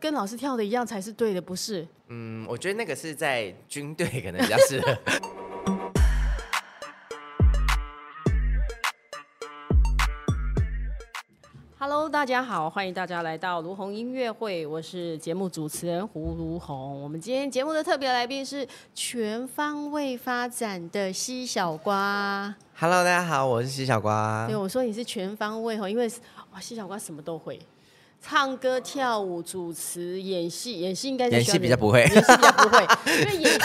跟老師跳的一樣才是對的，不是？嗯，我覺得那個是在軍隊可能比較適合 Hello，大家好，歡迎大家來到如虹音樂會，我是節目主持人胡如虹。我們今天節目的特別來賓是全方位發展的嘻小瓜。Hello，大家好，我是嘻小瓜。對，我說你是全方位哦，因為哇，嘻小瓜什麼都會。唱歌、跳舞、主持、演戲，演戲應該是演戲比較不會，演戲比較不會， 因為演戲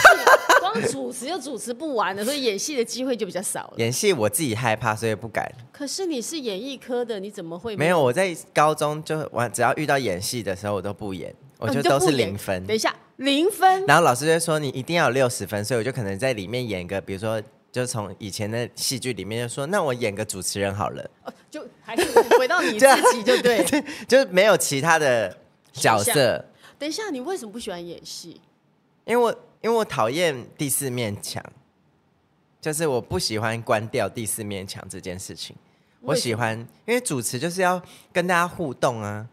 光主持又主持不完的，所以演戲的機會就比較少了。演戲我自己害怕，所以不敢。可是你是演藝科的，你怎麼會沒有？沒有，我在高中就，我只要遇到演戲的時候，我都不演，我就都是零分、啊。等一下零分，然後老師就說你一定要有六十分，所以我就可能在裡面演一個，比如說。就從以前的戲劇裡面，就說，那我演個主持人好了， 就還是回到你自己就對， 就是沒有其他的角色等。等一下，你為什麼不喜歡演戲？因為我因為我討厭第四面牆，就是我不喜歡關掉第四面牆這件事情。我喜歡，因為主持就是要跟大家互動啊。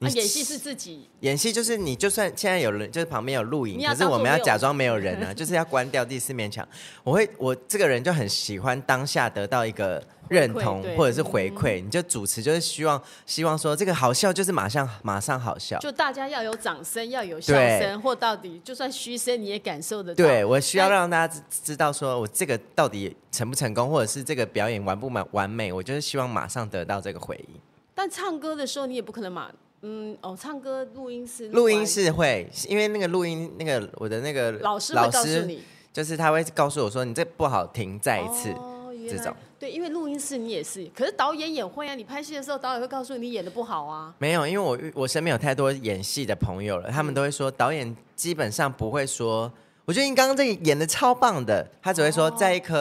你啊、演戲是自己演戲，就是你就算現在有人，就是旁邊有錄影，可是我們要假裝沒有人呢、啊， 就是要關掉第四面牆。我會，我這個人就很喜歡當下得到一個認同或者是回饋。你就主持就是希望，希望說這個好笑就是馬上馬上好笑，就大家要有掌聲，要有笑聲，或到底就算嘘聲你也感受得到。對，我需要讓大家知道說我這個到底成不成功，或者是這個表演完不完完美，我就是希望馬上得到這個回應。但唱歌的時候你也不可能馬。嗯，哦，唱歌錄音室，錄音室會，因為那個錄音，那個我的那個老師老師會告訴你，就是他會告訴我說你這不好聽，再一次、oh, yeah. 這種。對，因為錄音室你也是，可是導演也會啊，你拍戲的時候導演會告訴你，你演的不好啊。沒有，因為我我身邊有太多演戲的朋友了，嗯，他們都會說導演基本上不會說，我覺得你剛剛這演的超棒的，他只會說、oh, 再一顆，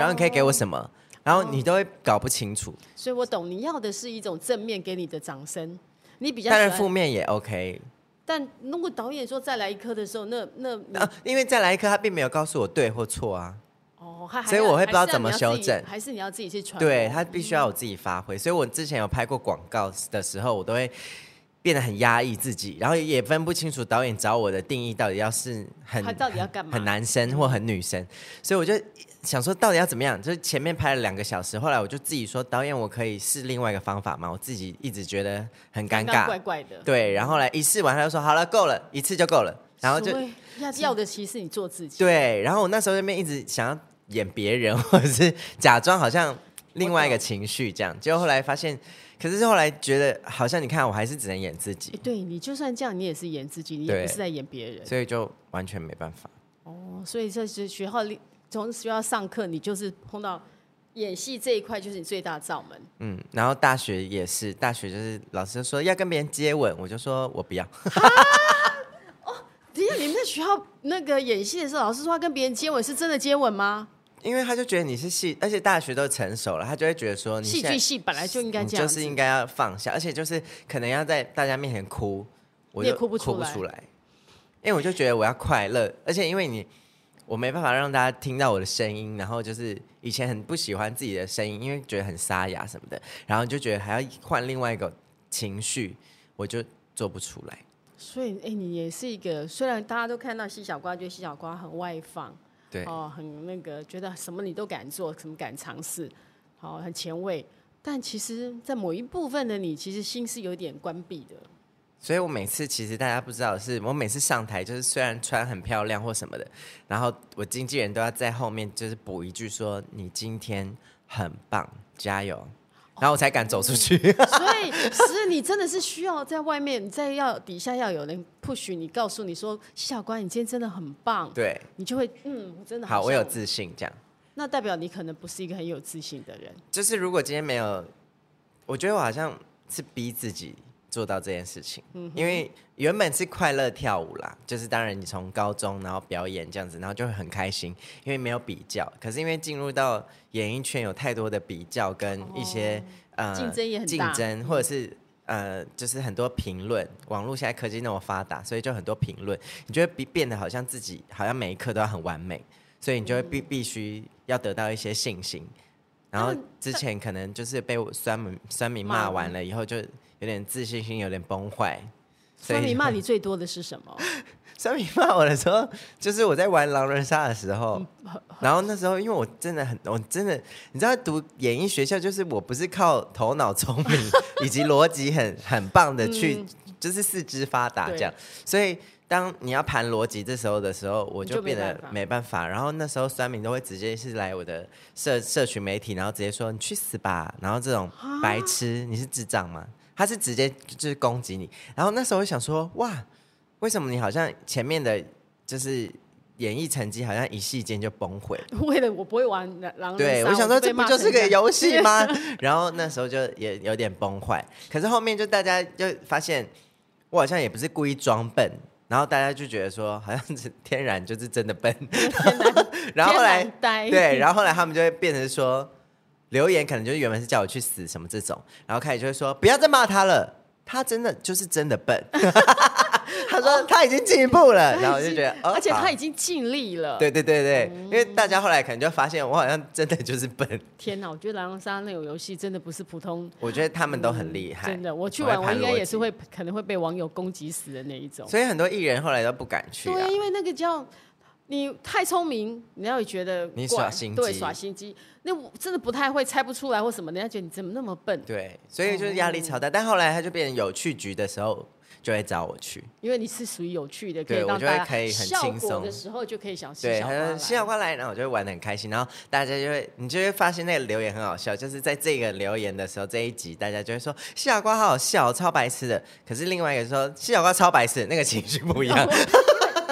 然後你可以給我什麼，oh, 然後你都會搞不清楚。Oh. Oh. 所以我懂你要的是一種正面給你的掌聲。你比較，當然負面也 OK，但如果導演說再來一顆的時候，那那啊，因為再來一顆，他並沒有告訴我對或錯啊。哦，所以我會不知道怎麼修正，還是要你要，還是你要自己去傳？對，他必須要我自己發揮，所以我之前有拍過廣告的時候，我都會變得很壓抑自己，然後也分不清楚導演找我的定義到底要是很到底要幹嘛，很男生或很女生，所以我就得。想說到底要怎麼樣？就是前面拍了兩個小時，後來我就自己說，導演，我可以試另外一個方法嗎？我自己一直覺得很尷尬，剛剛怪怪的。對，然後，後來一試完，他就說好了，夠了，一次就夠了。然後就要，要的其實是你做自己。對，然後我那時候那邊一直想要演別人，或者是假裝好像另外一個情緒這樣。結果後來發現，可是後來覺得好像你看，我還是只能演自己。欸、對你就算這樣，你也是演自己，你也不是在演別人，所以就完全沒辦法。哦，所以這是學校裡。從學校上課，你就是碰到演戲這一塊，就是你最大的罩門。嗯，然後大學也是，大學就是老師說要跟別人接吻，我就說我不要。 哦，等一下你們在學校那個演戲的時候，老師說要跟別人接吻，是真的接吻嗎？因為他就覺得你是戲，而且大學都成熟了，他就會覺得說你，戲劇戲本來就應該這樣，就是應該要放下，而且就是可能要在大家面前哭，我也哭不出來，因為我就覺得我要快樂，而且因為你。我沒辦法讓大家聽到我的聲音，然後就是以前很不喜歡自己的聲音，因為覺得很沙啞什麼的，然後就覺得還要換另外一個情緒，我就做不出來。所以，哎、欸，你也是一個，雖然大家都看到嘻小瓜，覺得嘻小瓜很外放，對，哦，很那個，覺得什麼你都敢做，什麼敢嘗試，好、哦，很前衛。但其實，在某一部分的你，其實心是有點關閉的。所以我每次其實大家不知道的是，是我每次上台就是雖然穿很漂亮或什麼的，然後我經紀人都要在後面就是補一句說：“你今天很棒，加油。”然後我才敢走出去。Oh, okay. 所以，是你真的是需要在外面，你再要底下要有人 push 你，告訴你說：“小瓜，你今天真的很棒。”對，你就會嗯，真的好，好，我有自信這樣。那代表你可能不是一個很有自信的人。就是如果今天沒有，我覺得我好像是逼自己，做到這件事情，嗯、因為原本是快樂跳舞啦，就是當然你從高中然後表演這樣子，然後就會很開心，因為沒有比較。可是因為進入到演藝圈，有太多的比較跟一些、哦、呃競爭也很大，競爭或者是呃就是很多評論、嗯。網絡現在科技那麼發達，所以就很多評論，你覺得變變得好像自己好像每一刻都要很完美，所以你就會必必須要得到一些信心、嗯。然後之前可能就是被酸民酸民罵完了以後就。有點自信心，有點崩壞。酸民罵你最多的是什麼？酸民罵我的時候，就是我在玩狼人殺的時候、嗯，然後那時候因為我真的很，我真的，你知道，讀演藝學校就是我不是靠頭腦聰明 以及邏輯很很棒的去、嗯，就是四肢發達這樣。所以當你要盤邏輯這時候的時候，我就變得沒辦法。辦法，然後那時候酸民都會直接是來我的社社群媒體，然後直接說，你去死吧，然後這種白痴，你是智障嗎？他是直接就是攻擊你，然後那時候我想說哇，為什麼你好像前面的就是演藝成績好像一夕間就崩潰了？為了我不會玩狼人殺，對，我想說我這，這不就是個遊戲嗎？然後那時候就也有點崩壞，可是後面就大家就發現我好像也不是故意裝笨，然後大家就覺得說好像是天然就是真的笨，然， 然後，後來然對，然後後來他們就會變成說。留言可能就是原本是叫我去死什麼這種，然後開始就會說不要再罵他了，他真的就是真的笨。 他說他已經進步了， 然後就覺得，而且他已經盡力了。哦、對對對對、嗯，因為大家後來可能就發現我好像真的就是笨。天啊，我覺得狼人殺那種遊戲真的不是普通。我覺得他們都很厲害，嗯、真的，我去玩我，我應該也是會可能會被網友攻擊死的那一種。所以很多藝人後來都不敢去、啊。對，因為那個叫。你太聰明，你要會覺得你耍心機，對，耍心機，那我真的不太會猜不出來或什麼，人家覺得你怎麼那麼笨。對，所以就是壓力超大，嗯。但後來他就變成有趣局的時候，就會找我去，因為你是屬於有趣的，可以讓大家效果的時候就可以想。對，他說“嘻小瓜來”，然後我就會玩的很開心，然後大家就會你就會發現那個留言很好笑，就是在這個留言的時候，這一集大家就會說“嘻小瓜好笑，超白痴的”。可是另外一個人說“嘻小瓜超白痴”，那個情緒不一樣。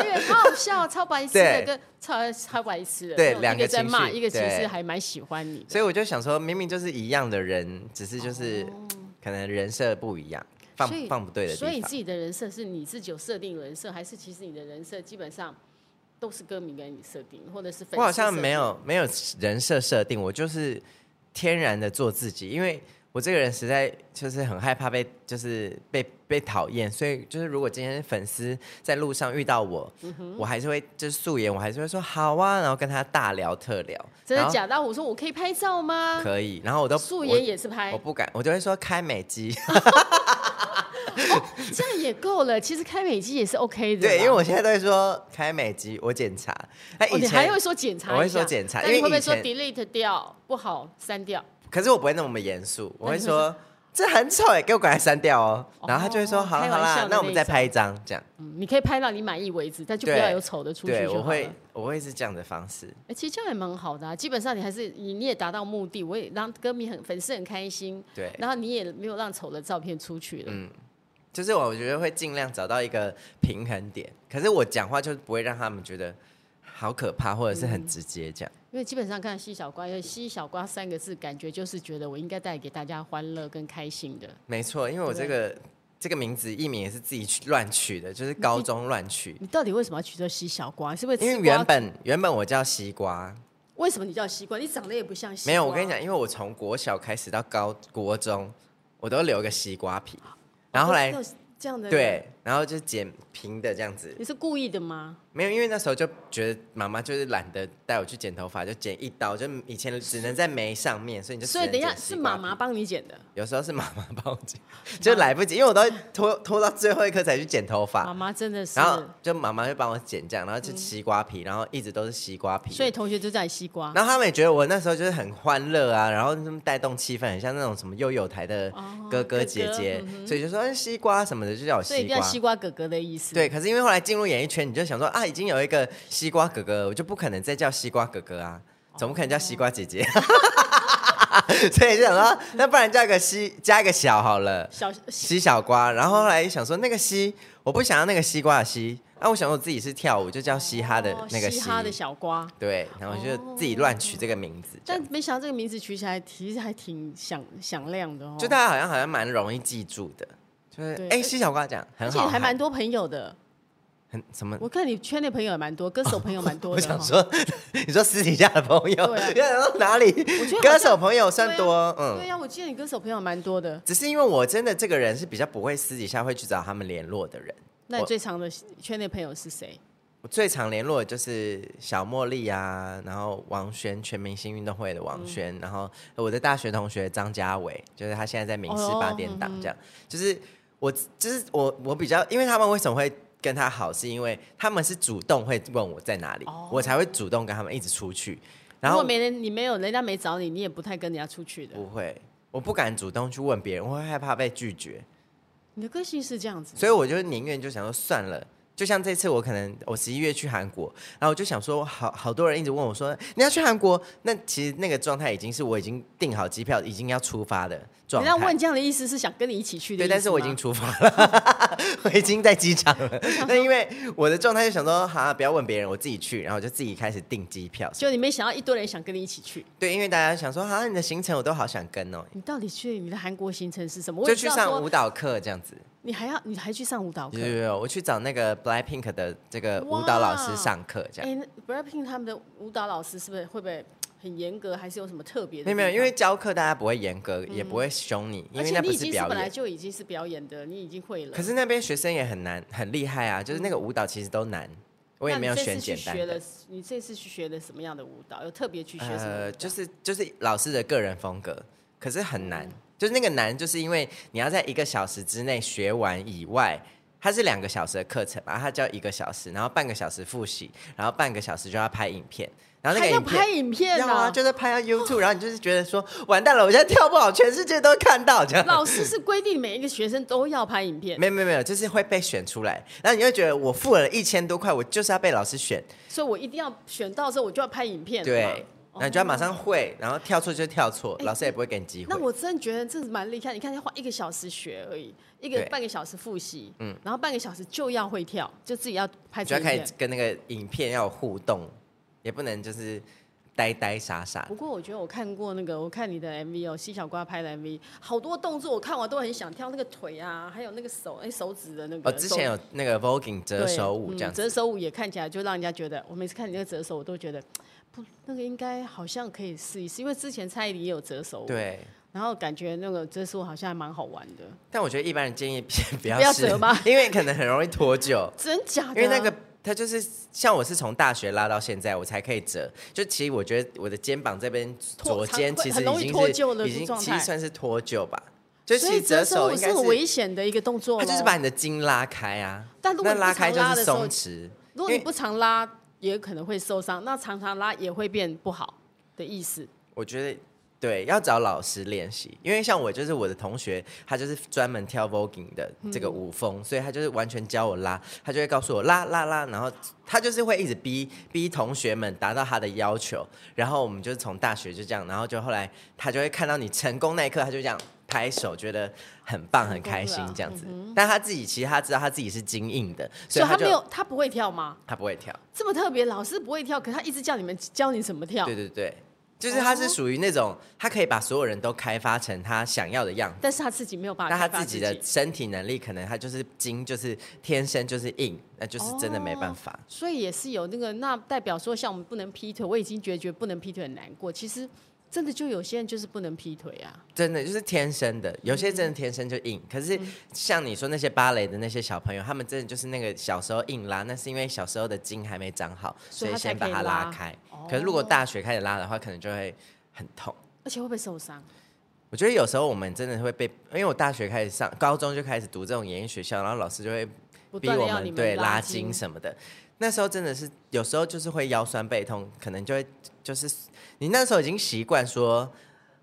對，因為好笑，超白痴的， 跟超超白痴的，對，兩個在罵，一個其實還蠻喜歡你。所以我就想說，明明就是一樣的人，只是就是、哦、可能人設不一樣，放放不對的，所以你自己的人設是你自己有設定的人設，還是其實你的人設基本上都是歌迷給你設定，或者是粉絲？我好像沒有沒有人設設定，我就是天然的做自己，因為。我這個人實在就是很害怕被就是被被討厭，所以就是如果今天粉絲在路上遇到我，嗯、哼我還是會就是素顏，我還是會說好啊，然後跟他大聊特聊。真的假的？我說我可以拍照嗎？可以。然後我都素顏也是拍我。我不敢，我就會說開美肌 哦。這樣也夠了。其實開美肌也是 OK 的。對，因為我現在都會說開美肌，我檢查。哎、哦，你還會說檢查嗎？我會說檢查。你會不會說 delete 掉？不好，刪掉。可是我不會那麼嚴肅、就是，我會說這很醜，給我把它刪掉、喔、哦。然後他就會說：好好,好啦那，那我們再拍一張這樣、嗯。你可以拍到你滿意為止，但就不要有醜的出去對對我會我會是這樣的方式。哎、欸，其實這樣也蠻好的、啊，基本上你還是你你也達到目的，我也讓歌迷很粉絲很開心。對，然後你也沒有讓醜的照片出去了。嗯，就是我覺得會儘量找到一個平衡點，可是我講話就是不會讓他們覺得。好可怕，或者是很直接這樣、嗯。因為基本上看嘻小“嘻小瓜”因為“嘻小瓜”三個字，感覺就是覺得我應該帶給大家歡樂跟開心的。沒錯，因為我這個這個名字，藝名也是自己去亂取的，就是高中亂取你。你到底為什麼要取這“嘻小瓜”？是不是因為原本原本我叫西瓜？為什麼你叫西瓜？你長得也不像西瓜。沒有，我跟你講，因為我從國小開始到高國中，我都留一個西瓜皮，啊、然後後來、哦、這樣的對。然後就是剪平的這樣子。你是故意的嗎？沒有，因為那時候就覺得媽媽就是懶得帶我去剪頭髮，就剪一刀，就以前只能在眉上面，所以你就。所以等一下是媽媽幫你剪的。有時候是媽媽幫我剪，就來不及，因為我都會拖拖到最後一刻才去剪頭髮。媽媽真的是。然後就媽媽就幫我剪這樣，然後就西瓜皮、嗯，然後一直都是西瓜皮。所以同學就叫西瓜，然後他們也覺得我那時候就是很歡樂啊，然後帶動氣氛，很像那種什麼幼幼台的哥哥姐姐哥哥、嗯，所以就說西瓜什麼的就叫我西瓜。西瓜哥哥的意思。對，可是因為後來進入演藝圈，你就想說啊，已經有一個西瓜哥哥，我就不可能再叫西瓜哥哥啊，怎麼可能叫西瓜姐姐？哦、 所以就想說，那不然叫一個西加一個小好了，小西，西小瓜。然後後來想說，那個西，我不想要那個西瓜的西，那、啊、我想說我自己是跳舞，就叫嘻哈的那個西、哦、嘻哈的小瓜。對，然後就自己亂取這個名字。哦、但沒想到這個名字取起來，其實還挺響響亮的哦，就大家好像好像蠻容易記住的。哎，嘻、欸、小瓜講，很好。還蠻多朋友的，很、嗯、什麼？我看你圈內朋友也蠻多，歌手朋友蠻多的、哦我。我想說、哦，你說私底下的朋友，啊、我覺得哪裡？歌手朋友算多，啊啊、嗯，對呀、啊，我記得你歌手朋友蠻多的。只是因為我真的這個人是比較不會私底下會去找他們聯絡的人。那你最常的圈內朋友是誰？我，我最常聯絡的就是小茉莉啊，然後王軒，全明星運動會的王軒，嗯、然後我的大學同學張家偉，就是他現在在明視八點檔，這樣哦哦、嗯、就是。我就是我，我比較，因為他們為什麼會跟他好，是因為他們是主動會問我在哪裡，Oh. 我才會主動跟他們一直出去，然後，如果沒人，你沒有人家沒找你，你也不太跟人家出去的。不會，我不敢主動去問別人，我會害怕被拒絕。你的個性是這樣子，所以我就寧願就想說算了。就像這次我可能我十一月去韓國，然後我就想說好，好好多人一直問我說，你要去韓國？那其實那個狀態已經是我已經訂好機票，已經要出發的狀態。人家問這樣的意思是想跟你一起去的，對？但是我已經出發了， 我已經在機場了。那 因為我的狀態就想說，好，不要問別人，我自己去，然後就自己開始訂機票。就你沒想到一堆人想跟你一起去，對？因為大家想說，好，你的行程我都好想跟哦。你到底去你的韓國行程是什麼？我就去上舞蹈課這樣子。你還要，你還去上舞蹈課？對對對，我去找那個 Black Pink 的這個舞蹈老師上課，這樣。哎、欸、，Black Pink 他們的舞蹈老師是不是會不會很嚴格，還是有什麼特別的？沒有沒有，因為教課大家不會嚴格，也不會兇你、嗯，因為那不是表演。而且本來就已經是表演的，你已經會了。可是那邊學生也很難，很厲害啊！就是那個舞蹈其實都難，嗯、我也沒有選簡單的。你這次去學的什麼樣的舞蹈？有特別去學什麼舞蹈？呃，就是就是老師的個人風格，可是很難。嗯就是那個男，就是因為你要在一個小時之內學完以外，他是兩個小時的課程嘛，他教一個小時，然後半個小時複習，然後半個小時就要拍影片。然後那個要拍影片啊，啊，就是拍到 YouTube，然後你就是覺得說完蛋了，我現在跳不好， 全世界都看到，這樣。老師是規定每一個學生都要拍影片？沒有沒有沒有，就是會被選出來，然後你會覺得我付了一千多塊，我就是要被老師選，所以我一定要選到之後我就要拍影片，對。你就要馬上會，然後跳錯就跳錯、欸，老師也不會給你機會。那我真的覺得這是蠻厲害，你看要花一個小時學而已，一個半個小時複習，嗯，然後半個小時就要會跳，就自己要拍。你就要開始跟那個影片要有互動，也不能就是呆呆傻傻。不過我覺得我看過那個，我看你的 MV 哦，嘻小瓜拍的 MV，好多動作我看完都很想跳，那個腿啊，還有那個手，哎、欸，手指的那個。我、哦、之前有那個 voguing 折手舞這樣、嗯，折手舞也看起來就讓人家覺得，我每次看你那個折手我都覺得。不，那個應該好像可以試一試，因為之前蔡依林也有折手，對，然後感覺那個折手舞好像還蠻好玩的。但我覺得一般人建議不要不要折吧，因為可能很容易脫臼。 真假的？因為那個它就是像我是從大學拉到現在，我才可以折。就其實我覺得我的肩膀這邊左肩其實已經很容易脫臼了，已經其實算是脫臼吧，就其實是。所以折手是很危險的一個動作，它就是把你的筋拉開啊。但如果拉，的但拉開就是鬆弛，如果你不常拉。也可能會受傷，那常常拉也會變不好的意思。我覺得對，要找老師練習，因為像我就是我的同學，他就是專門跳 Voguing 的這個舞風、嗯，所以他就是完全教我拉，他就會告訴我拉拉拉，然後他就是會一直逼逼同學們達到他的要求，然後我們就是從大學就這樣，然後就後來他就會看到你成功那一刻，他就這樣。拍手，覺得很棒，很開心，這樣子。是不是啊，嗯哼。但他自己其實他知道他自己是筋硬的，所以他，所以他沒有他不會跳嗎？他不會跳，這麼特別，老師不會跳，可他一直叫你們教你怎麼跳。對對對，就是他是屬於那種哦哦，他可以把所有人都開發成他想要的樣子，但是他自己沒有辦法。那他自己的身體能力可能他就是筋就是天生就是硬，那就是真的沒辦法。哦、所以也是有那個那代表說，像我們不能劈腿，我已經覺得覺得不能劈腿很難過。其實。真的就有些人就是不能劈腿啊。真的就是天生的，有些真的天生就硬。嗯、可是、嗯、像你說那些芭蕾的那些小朋友，他們真的就是那個小時候硬拉，那是因為小時候的筋還沒長好，所以先把它拉開。可是如果大學開始拉的話、哦，可能就會很痛，而且會被受傷。我覺得有時候我們真的會被，因為我大學開始上，高中就開始讀這種演藝學校，然後老師就會逼我們，們拉對拉筋什麼的。那時候真的是有時候就是會腰痠背痛，可能就會就是。你那時候已經習慣說，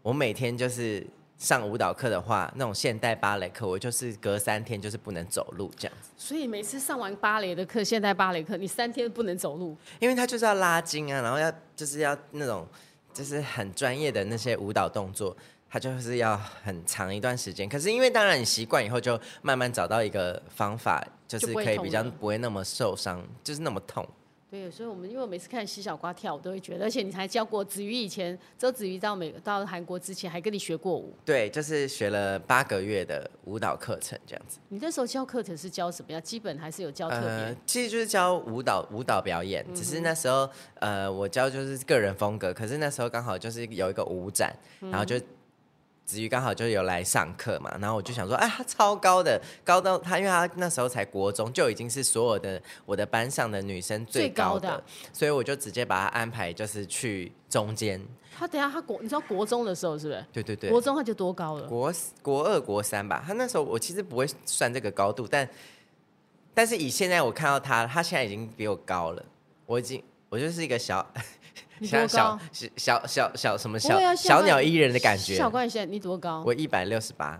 我每天就是上舞蹈課的話，那種現代芭蕾課，我就是隔三天就是不能走路這樣子。所以每次上完芭蕾的課，現代芭蕾課，你三天不能走路。因為他就是要拉筋啊，然後要就是要那種就是很專業的那些舞蹈動作，他就是要很長一段時間。可是因為當然你習慣以後，就慢慢找到一個方法，就是可以比較不會那麼受傷，就是那麼痛。對，所以我們因為我每次看嘻小瓜跳我都會覺得，而且你還教過子瑜，以前周子瑜到美到韓國之前，還跟你學過舞。對，就是學了八個月的舞蹈課程這樣子。你那時候教課程是教什麼呀？基本還是有教特別？呃，其實就是教舞蹈舞蹈表演，只是那時候呃，我教就是個人風格。可是那時候剛好就是有一個舞展，然後就。嗯子瑜剛好就有來上課嘛，然後我就想說，哎、欸，她超高的，高到她，因為她那時候才國中，就已經是所有的我的班上的女生最高的，最高的，所以我就直接把她安排就是去中間。她等下她國，你知道國中的時候是不是？對對對，國中她就多高了？國國二國三吧，她那時候我其實不會算這個高度，但但是以現在我看到她，她現在已經比我高了，我已經我就是一個小。你小小小小，小什麼小、啊、小鳥依人的感覺？小瓜，你現在你多高？我一百六十八。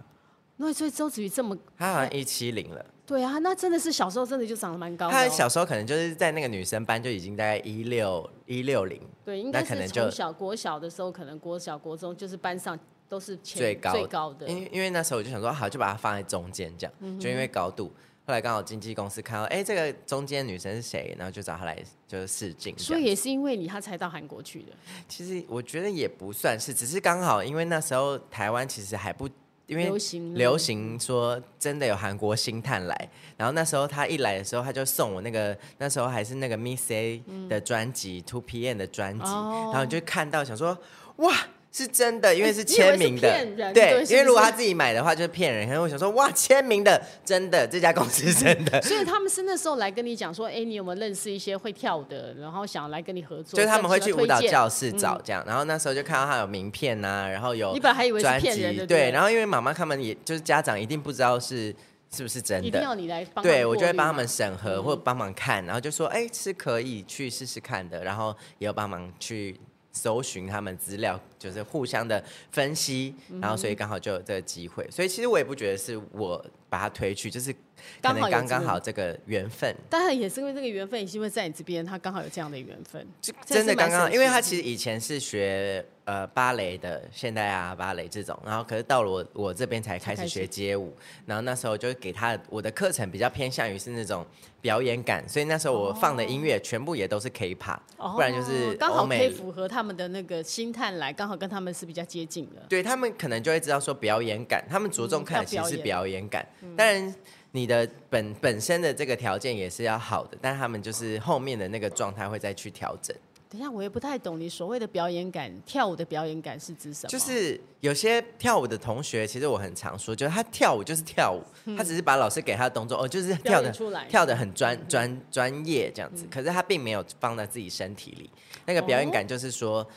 那所以周子瑜這麼，他好像一七零了。對啊，那真的是小時候真的就長得蠻高的，哦。他小時候可能就是在那個女生班就已經大概一六一六零。對，應該是從小國小的時候，可能國小國中就是班上都是前最高最高的。因為因為那時候我就想說好，好就把它放在中間這樣，嗯，就因為高度。後來剛好經紀公司看到，哎、欸，這個中間女生是誰？然後就找她來就是試鏡。所以也是因為你，她才到韓國去的。其實我覺得也不算是，只是剛好，因為那時候台灣其實還不因為流行說真的有韓國星探來，然後那時候她一來的時候，她就送我那個那時候還是那個 Miss A 的專輯 2PM 的專輯，哦，然後你就看到想說哇。是真的，因為是簽名的。欸、對是是，因為如果他自己買的話，就是騙人。然後我想說，哇，簽名的真的，這家公司是真的。所以他們是那時候來跟你講說，哎、欸，你有沒有認識一些會跳舞的，然後想要來跟你合作？所、就、以、是、他們會去舞蹈教室找，嗯、這樣，然後那時候就看到他有名片吶、啊，然後有專輯對，對，對。然後因為媽媽他們也就是家長，一定不知道是是不是真的。一定要你來幫，啊、對，我就會幫他們審核，嗯、或幫忙看，然後就說，哎、欸，是可以去試試看的，然後也有幫忙去。搜尋他們資料，就是互相的分析，嗯、然後所以剛好就有這個機會，所以其實我也不覺得是我把他推去，就是。剛好剛剛好這個緣分，當然、這個、也是因為這個緣分，也是因為在你這邊，他剛好有這樣的緣分。真的剛剛好，因為他其實以前是學、呃、芭蕾的現代啊芭蕾這種，然後可是到了我我這邊才開始學街舞，然後那時候就給他我的課程比較偏向於是那種表演感，所以那時候我放的音樂全部也都是 K-pop、哦、不然就是剛好可以符合他們的那個心態來，剛好跟他們是比較接近的。對，他們可能就會知道說表演感，他們着重看的其實是表演感，嗯演嗯、當然，你的本本身的這個條件也是要好的，但他們就是後面的那個狀態會再去調整。等一下，我也不太懂你所謂的表演感，跳舞的表演感是指什麼？就是有些跳舞的同學，其實我很常說，就是他跳舞就是跳舞，嗯、他只是把老師給他的動作哦，就是跳的跳的很專專專業這樣子、嗯。可是他並沒有放在自己身體裡，那個表演感就是說、哦，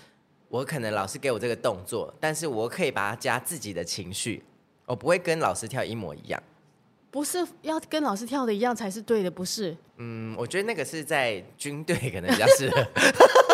我可能老師給我這個動作，但是我可以把它加自己的情緒，我不會跟老師跳一模一樣。不是要跟老師跳的一樣才是對的，不是？嗯，我覺得那個是在軍隊可能比較適合，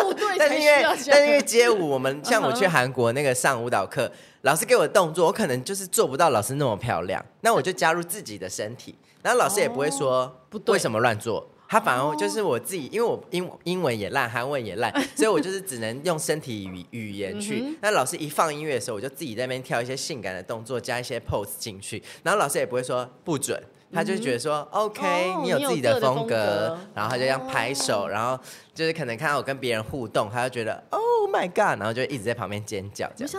部 隊 才需要這樣。但因為街舞，我們像我去韓國那個上舞蹈課，uh -huh. 老師給我的動作，我可能就是做不到老師那麼漂亮，那我就加入自己的身體，uh -huh. 然後老師也不會說不，為什麼亂做？Oh, 他反而就是我自己，因為我英英文也爛，韓文也爛，所以我就是只能用身體語語言去、 嗯。那老師一放音樂的時候，我就自己在那邊跳一些性感的動作，加一些 pose 進去。然後老師也不會說不准，他就覺得說、嗯、OK，你有自己的風格。風格然後他就這樣拍手、哦，然後就是可能看到我跟別人互動，他就覺得 Oh my God，然後就一直在旁邊尖叫這樣。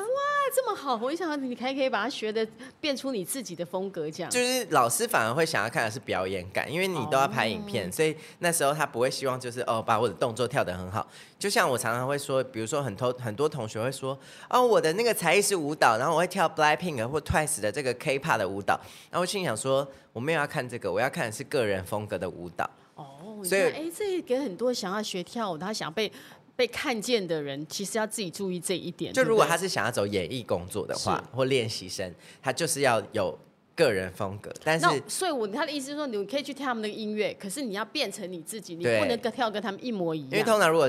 這麼好，我一想你還可以把它學的變出你自己的風格這樣，講，就是老師反而會想要看的是表演感，因為你都要拍影片，哦、所以那時候他不會希望就是哦把我的動作跳得很好。就像我常常會說，比如說很很多同學會說哦，我的那個才藝是舞蹈，然後我會跳 Blackpink 或 Twice 的這個 K-POP 的舞蹈，然後我心想說我沒有要看這個，我要看的是個人風格的舞蹈。哦，所以哎、欸，這也給很多想要學跳舞他想被。被看見的人其實要自己注意這一點。就如果他是想要走演藝工作的話，或練習生，他就是要有個人風格。但是，所以我的，他的意思是說，你可以去跳他們的音樂，可是你要變成你自己，你不能跟跳跟他們一模一樣。因為通常如果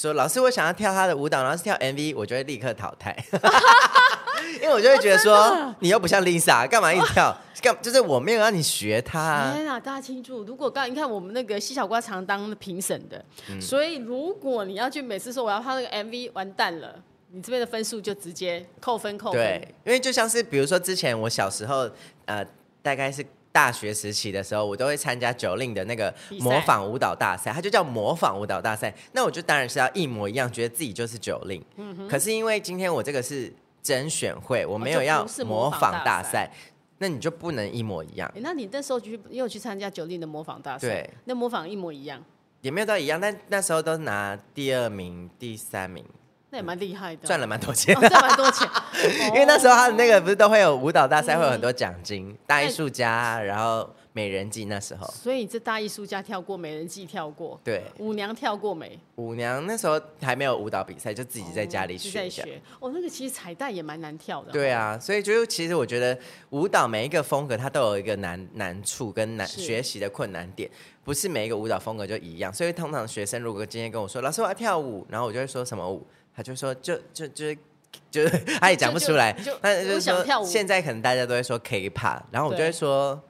說老師，我想要跳他的舞蹈，然後是跳 MV，我就會立刻淘汰， 因為我就會覺得說 你又不像 Lisa，幹嘛一直跳？幹就是我沒有讓你學他、啊。天哪，大家清楚，如果剛你看我們那個嘻小瓜常當評審的，嗯、所以如果你要去每次說我要拍那個 MV，完蛋了，你這邊的分數就直接扣分扣分。對，因為就像是比如說之前我小時候，呃、大概是。大學時期的時候，我都會參加 Jolin 的那個模仿舞蹈大賽，它就叫模仿舞蹈大賽。那我就當然是要一模一樣，覺得自己就是 Jolin、嗯。可是因為今天我這個是甄選會，我沒有要模仿大賽、哦，那你就不能一模一樣。欸、那你那時候就又去參加 Jolin 的模仿大賽，對，那模仿一模一樣，也沒有到一樣，但那時候都拿第二名、第三名。那也蠻厲害的，嗯、賺了蠻多錢的，哦、蠻多錢，賺蠻多錢，因為那時候他的那個不是都會有舞蹈大賽，會有很多獎金、大藝術家，然後。美人計那時候，所以這大藝術家跳過美人計，跳過，對舞娘跳過沒？舞娘那時候還沒有舞蹈比賽，就自己在家裡學一下哦，哦，那個其實彩帶也蠻難跳的啊。對啊，所以就是其實我覺得舞蹈每一個風格它都有一個難難處跟難學習的困難點，不是每一個舞蹈風格就一樣。所以通常學生如果今天跟我說，老師我要跳舞，然後我就會說什麼舞，他就說就就就是就是 他也講不出來，他就、就、就、但就是說跳舞。現在可能大家都會說 K-pop，然後我就會說。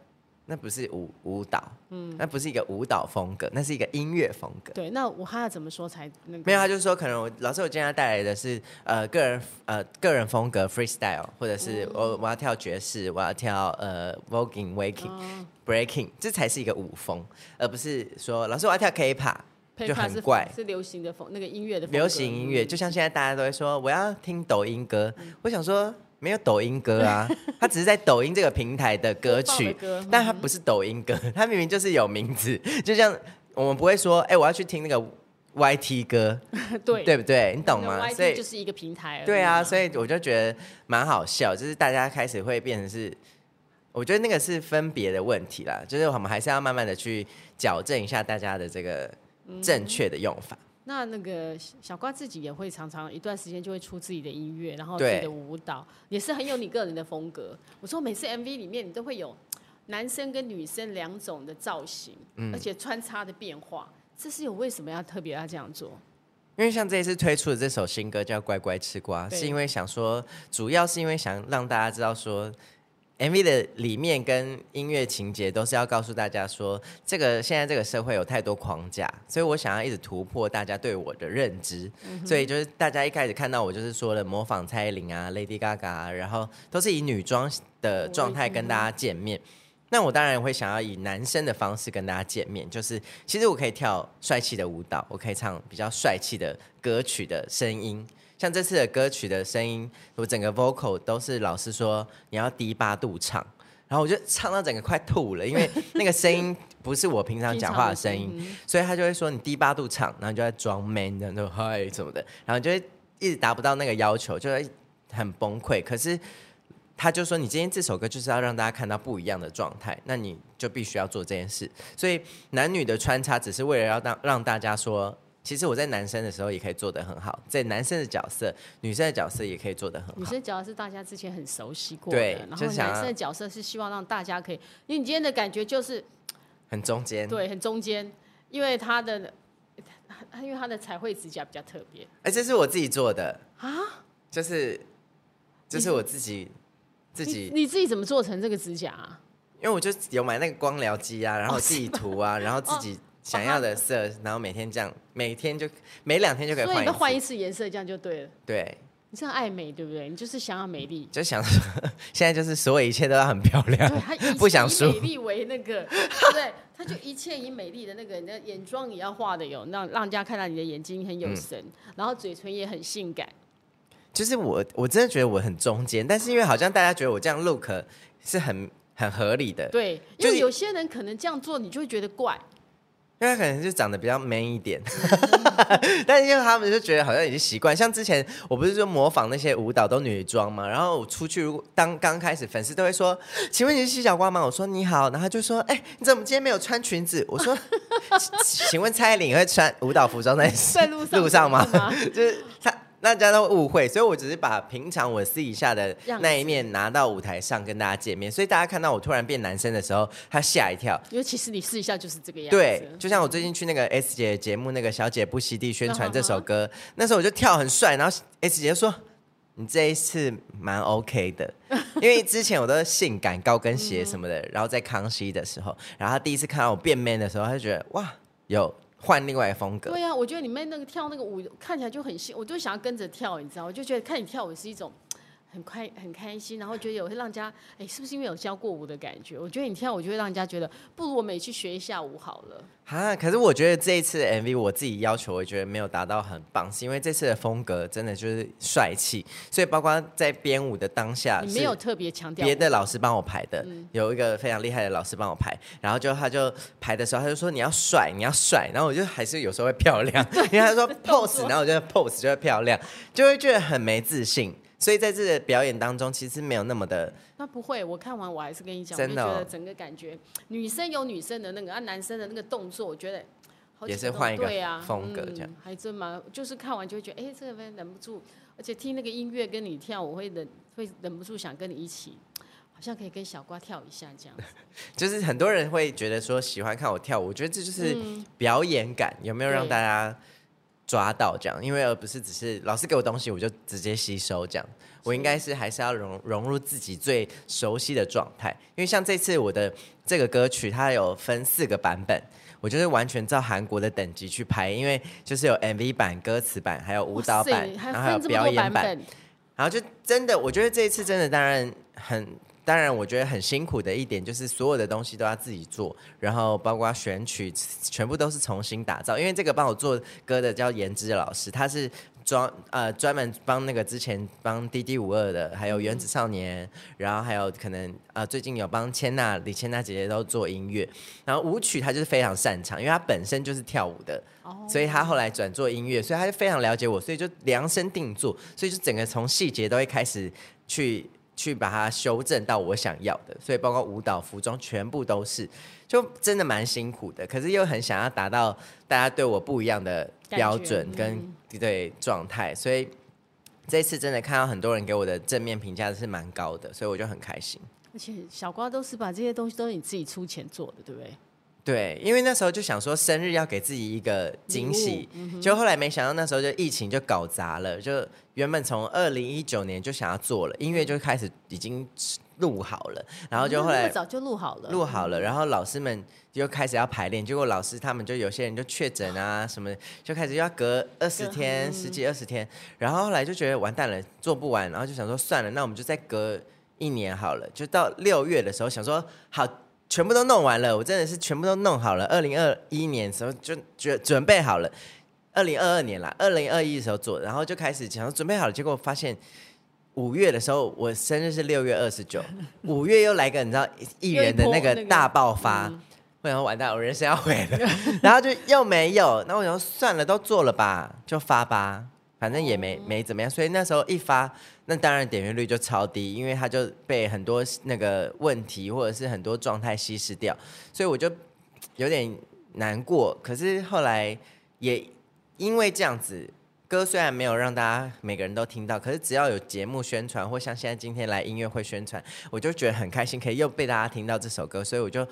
那不是舞舞蹈，嗯，那不是一個舞蹈風格，那是一個音樂風格。對，那我還要怎麼說才能、那個、沒有，他就說可能我老師，我今天要帶來的是呃個人呃個人風格 freestyle，或者是我、嗯、我要跳爵士，我要跳呃 voguing，waking、breaking、哦、這才是一個舞風，而不是說老師我要跳 K-POP，就很怪，是流行的風那個音樂的風格。流行音樂、嗯、就像現在大家都會說我要聽抖音歌，嗯、我想說。沒有抖音歌啊，它只是在抖音這個平台的歌曲， 但它不是抖音歌，它明明就是有名字，就像我們不會說，哎、欸，我要去聽那個 YT 歌， 對，對不對？你懂嗎？那個 YT 就是一個平台。對啊對，所以我就覺得蠻好笑，就是大家開始會變成是，我覺得那個是分別的問題啦，就是我們還是要慢慢的去矯正一下大家的這個正確的用法。嗯那那個小瓜自己也會常常一段時間就會出自己的音樂，然後自己的舞蹈也是很有你個人的風格。我說每次 MV 裡面你都會有男生跟女生兩種的造型，嗯，而且穿插的變化，這是有為什麼要特別要這樣做？因為像這一次推出的這首新歌叫《乖乖吃瓜》，是因為想說，主要是因為想讓大家知道說，MV 的裡面跟音樂情節都是要告訴大家說，這個現在這個社會有太多框架，所以我想要一直突破大家對我的認知。Mm -hmm. 所以就是大家一開始看到我就是說了模仿蔡依林啊、Lady Gaga 啊，然後都是以女裝的狀態跟大家見面。Mm -hmm. 那我當然會想要以男生的方式跟大家見面，就是其實我可以跳帥氣的舞蹈，我可以唱比較帥氣的歌曲的聲音。像這次的歌曲的聲音，我整個 vocal 都是老師說你要低八度唱，然後我就唱到整個快吐了，因為那個聲音不是我平常講話的聲音，所以他就會說你低八度唱，然後你就在裝 man，然後嗨什麼的，然後就會一直達不到那個要求，就會很崩潰。可是他就說你今天這首歌就是要讓大家看到不一樣的狀態，那你就必須要做這件事。所以男女的穿插只是為了要讓讓大家說。其實我在男生的時候也可以做得很好，在男生的角色、女生的角色也可以做得很好。女生角色是大家之前很熟悉過的，對，然後男生的角色是希望讓大家可以，因為你今天的感覺就是很中間，對，很中間，因為他的因為他的彩繪指甲比較特別。哎、欸，這是我自己做的啊，就是就是我自己自己你，你自己怎麼做成這個指甲啊？因為我就有買那個光療機啊，然後自己塗啊，oh, okay. 然後自己。Oh. 哦想要的色，然後每天這樣，每天就每兩天就可以換一次顏色，這樣就對了。對，你這樣愛美，對不對？你就是想要美麗，就想說現在就是所有一切都要很漂亮，不想說，以美麗為那個， 對，他就一切以美麗的那個，那妝，你的眼妝也要畫的有，讓讓人家看到你的眼睛很有神，嗯、然後嘴唇也很性感。就是我我真的覺得我很中間，但是因為好像大家覺得我這樣 look 是很很合理的，對，因為有些人可能這樣做，你就會覺得怪。因為他可能就長得比較 man 一點 但因為他們就覺得好像已經習慣。像之前我不是就模仿那些舞蹈都女裝嘛，然後我出去如果當剛開始粉絲都會說：“請問你是嘻小瓜嗎？”我說：“你好。”然後就說：“哎、欸，你怎麼今天沒有穿裙子？”我說：“請問蔡依林會穿舞蹈服裝在在路上嗎？” 就是他。那大家都誤會，所以我只是把平常我私底下的那一面拿到舞台上跟大家見面，所以大家看到我突然變男生的時候，他嚇一跳。尤其是你私底下就是這個樣子。對，就像我最近去那個 S 姐節目，那個小姐不惜地宣傳這首歌、嗯，那時候我就跳很帥，然後 S 姐就說你這一次蠻 OK 的， 因為之前我都是性感高跟鞋什麼的，然後在康熙的時候，然後他第一次看到我變 man 的時候，他就覺得哇有。Yo, 換另外一個風格。對呀、啊，我覺得你妹那個跳那個舞，看起來就很新，我就想要跟着跳，你知道？我就覺得看你跳舞是一種。很快很開心，然後覺得有會讓家，哎，是不是因為有教過舞的感覺？我覺得你跳舞就會讓人家覺得，不如我們也去學一下舞好了哈。哈，可是我覺得這一次的 MV 我自己要求，我覺得沒有達到很棒，是因為這次的風格真的就是帥氣。所以包括在編舞的當下，沒有特別強調，別的老師幫我排的，有一個非常厲害的老師幫我排，然後就他就排的時候，他就說你要帥，你要帥，然後我就還是有時候會漂亮，因為他說 pose，然後我就，就 pose 就會漂亮，就會覺得很沒自信。所以在這個表演當中，其實沒有那麼的。那不會，我看完我還是跟你講，真的哦、我就覺得整個感覺女生有女生的那個，啊，男生的那個動作，我覺得、啊、也是換一個風格這樣，嗯、還真蠻就是看完就會覺得，哎、欸，這個忍不住，而且聽那個音樂跟你跳，我會忍會忍不住想跟你一起，好像可以跟小瓜跳一下這樣。 就是很多人會覺得說喜歡看我跳舞，我覺得這就是表演感，有沒有讓大家？嗯抓到這樣，因為而不是只是老師給我東西，我就直接吸收這樣。我應該是還是要融融入自己最熟悉的狀態。因為像這次我的這個歌曲，它有分四個版本，我就是完全照韓國的等級去拍。因為就是有 MV 版、歌詞版，還有舞蹈版，然後還有表演版。然後就真的，我覺得這一次真的當然很。當然，我覺得很辛苦的一點就是所有的東西都要自己做，然後包括選曲，全部都是重新打造。因為這個幫我做歌的叫顏值老師，他是專呃專門幫那個之前幫滴滴五二的，還有原子少年，嗯、然後還有可能呃最近有幫千娜李千娜姐姐都做音樂。然後舞曲他就是非常擅長，因為他本身就是跳舞的，哦，所以他後來轉做音樂，所以他就非常了解我，所以就量身定做，所以就整個從細節都會開始去。去把它修正到我想要的，所以包括舞蹈、服裝，全部都是，就真的蠻辛苦的。可是又很想要達到大家對我不一樣的標準跟，跟對狀態，所以這次真的看到很多人給我的正面評價是蠻高的，所以我就很開心。而且小瓜都是把這些東西都是你自己出錢做的，對不對？對，因為那時候就想說生日要給自己一個驚喜，嗯，就後來沒想到那時候就疫情就搞砸了，就原本從二零一九年就想要做了，音樂就開始已經錄好了，然後就後來早就錄好了，錄好了，然後老師們就開始要排練，結果老師他們就有些人就確診啊什麼，就開始要隔二十天十幾二十天，然後後來就覺得完蛋了，做不完，然後就想說算了，那我們就再隔一年好了，就到六月的時候想說好。全部都弄完了，我真的是全部都弄好了。二零二一年的時候就準準備好了，二零二二年啦，二零二一的時候做，然後就開始想準備好了，結果發現五月的時候我生日是六月二十九，五月又來個你知道藝人的那個大爆發，我想完蛋，我人生要毀了，然後就又沒有，那我想說算了，都做了吧，就發吧。反正也沒沒怎麼樣，所以那時候一發，那當然點閱率就超低，因為他就被很多那個問題或者是很多狀態稀釋掉，所以我就有點難過。可是後來也因為這樣子，歌雖然沒有讓大家每個人都聽到，可是只要有節目宣傳或像現在今天來音樂會宣傳，我就覺得很開心，可以又被大家聽到這首歌，所以我就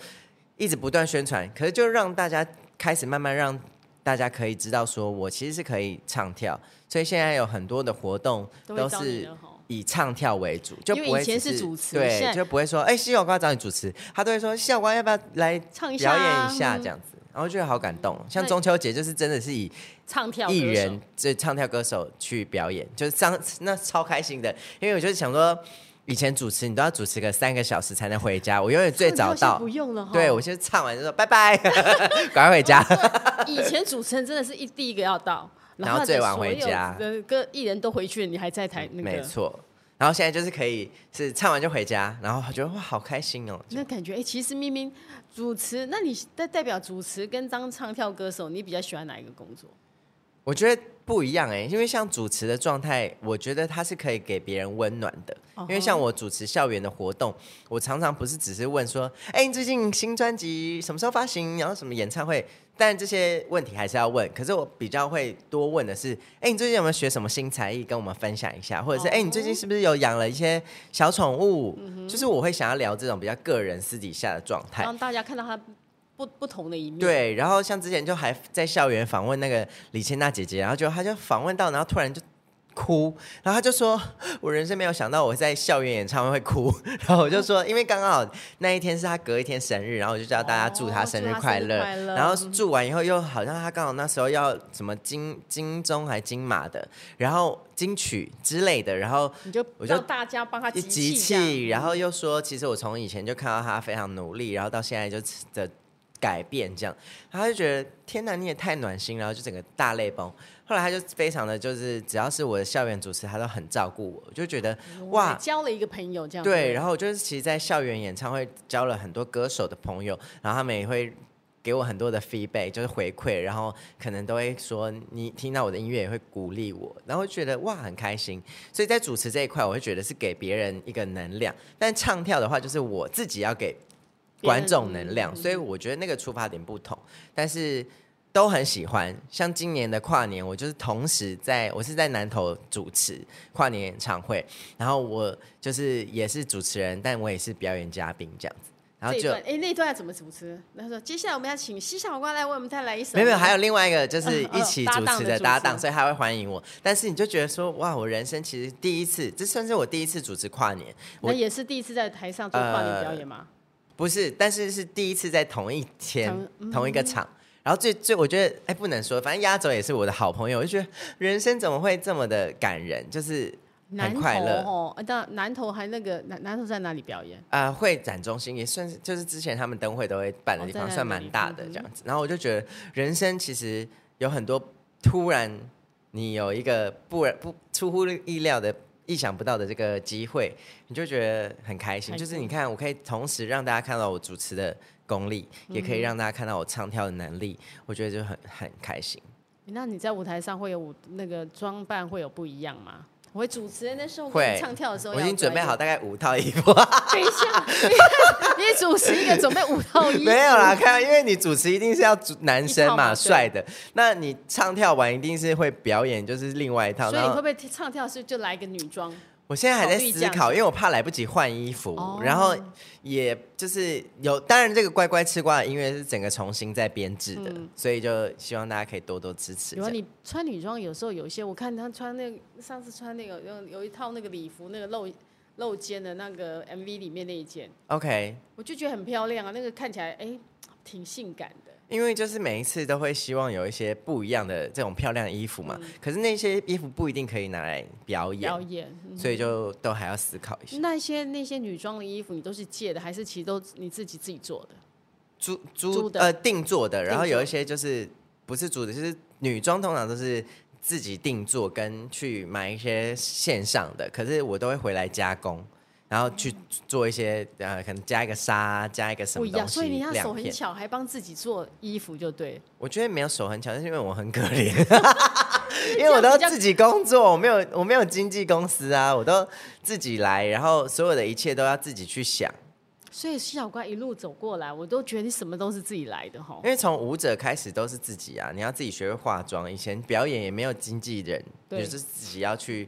一直不斷宣傳。可是就讓大家開始慢慢讓大家可以知道，說我其實是可以唱跳。所以現在有很多的活動都是以唱跳為主，就不會因為以前是主持，對，就不會說哎，嘻小瓜找你主持。他都會說嘻小瓜要不要來唱一下，表演一下這樣子，然後我覺得好感動。像中秋節就是真的是以唱跳藝人，這唱跳歌手去表演，就是張那超開心的，因為我就是想說，以前主持你都要主持個三個小時才能回家，我永遠最早到，不用了，哦，對我就唱完就說拜拜，趕 快回家 ，哦。以前主持人真的是一第一個要到。然後最晚回家的，歌藝人都回去了，你還在台那個。沒錯，然後現在就是可以是唱完就回家，然後我覺得哇好開心哦，那感覺哎、欸，其實明明主持，那你代代表，主持跟當唱跳歌手，你比較喜歡哪一個工作？我覺得不一樣哎、欸，因為像主持的狀態，我覺得它是可以給別人溫暖的。因為像我主持校園的活動，Uh-huh. 我常常不是只是問說，哎、欸，你最近新專輯什麼時候發行？然後什麼演唱會？但這些問題還是要問，可是我比較會多問的是，哎、欸，你最近有沒有學什麼新才藝，跟我們分享一下？或者是，哎、欸，你最近是不是有養了一些小寵物、嗯？就是我會想要聊這種比較個人私底下的狀態，讓大家看到他不不同的一面。對，然後像之前就還在校園訪問那個李千娜姐姐，然後就她就訪問到，然後突然就。哭，然後他就說：“我人生沒有想到我在校園演唱會會哭。”然後我就說：“因為剛好那一天是他隔一天生日，然後我就叫大家祝他生日快樂。哦快樂”然後祝完以後，又好像他剛好那時候要什麼金金鐘還金馬的，然後金曲之類的，然後就你就我就大家幫他集氣，然後又說：“其實我從以前就看到他非常努力，然後到現在就的改變這樣。”他就覺得：“天吶，你也太暖心！”然後就整個大淚崩。後來他就非常的就是，只要是我的校園主持，他都很照顧我，我就覺得哇，交了一個朋友這樣。對，然後就是其實，在校園演唱會交了很多歌手的朋友，然後他們也會給我很多的 feedback，就是回饋，然後可能都會說你聽到我的音樂也會鼓勵我，然後覺得哇，很開心。所以在主持這一塊，我會覺得是給別人一個能量，但唱跳的話就是我自己要給觀眾能量，所以我覺得那個出發點不同，但是。都很喜歡，像今年的跨年，我就是同時在，我是在南投主持跨年演唱會，然後我就是也是主持人，但我也是表演嘉賓這樣子，然後就哎那一段要怎麼主持？他說接下來我們要請嘻小瓜來為我們帶來一首，沒有，沒有，還有另外一個就是一起主持的搭檔，呃呃、搭檔搭檔，所以他會歡迎我。但是你就覺得說哇，我人生其實第一次，這算是我第一次主持跨年，我那也是第一次在台上做跨年表演嗎，呃、不是，但是是第一次在同一天、嗯、同一個場。然後最最，我覺得哎，不能說，反正壓軸也是我的好朋友，我就覺得人生怎麼會這麼的感人，就是很快樂哦。那南投還那個南投在哪裡表演？啊，會展中心也算，就是之前他們燈會都會辦的地方，算蠻大的這樣子。然後我就覺得人生其實有很多突然，你有一個不然不出乎意料的，意想不到的這個機會，你就覺得很開心。就是你看，我可以同時讓大家看到我主持的功力，也可以讓大家看到我唱跳的能力，嗯、我覺得就很很開心。那你在舞台上會有那個裝扮會有不一樣嗎？我會主持，那時候我唱跳的時候，我已經準備好大概五套衣服。 等一下，等一下，你主持一個準備五套衣服？ 沒有啦，看，因為你主持一定是要男生嘛，帥的。那你唱跳完一定是會表演，就是另外一套。所以你會不會唱跳是就來一個女裝？我現在還在思考，考因為我怕來不及換衣服，哦，然後也就是有，當然這個乖乖吃瓜的音樂是整個重新在編制的，嗯，所以就希望大家可以多多支持。有啊，你穿女裝有時候有些，我看她穿那個，上次穿那個有有一套那個禮服，那個露露肩的那個 MV 裡面那一件，OK，我就覺得很漂亮啊，那個看起來哎、欸、挺性感的。因為就是每一次都會希望有一些不一樣的這種漂亮衣服嘛，嗯，可是那些衣服不一定可以拿來表演，表演，嗯，所以就都還要思考一下。那些那些女裝的衣服，你都是借的，還是其實都你自己自己做的？租，租，租的？呃，定做的，然後有一些就是不是租的，就是女裝通常都是自己定做跟去買一些線上的，可是我都會回來加工。然後去做一些呃，可能加一個紗，加一個什麼東西，哦、所以你要手很巧，還幫自己做衣服就對。我覺得沒有手很巧，但是因為我很可憐， 因為我都自己工作，我沒有我沒有經紀公司啊，我都自己來，然後所有的一切都要自己去想。所以嘻小瓜一路走過來，我都覺得你什麼都是自己來的哈。因為從舞者開始都是自己啊，你要自己學會化妝，以前表演也沒有經紀人，對，就是自己要去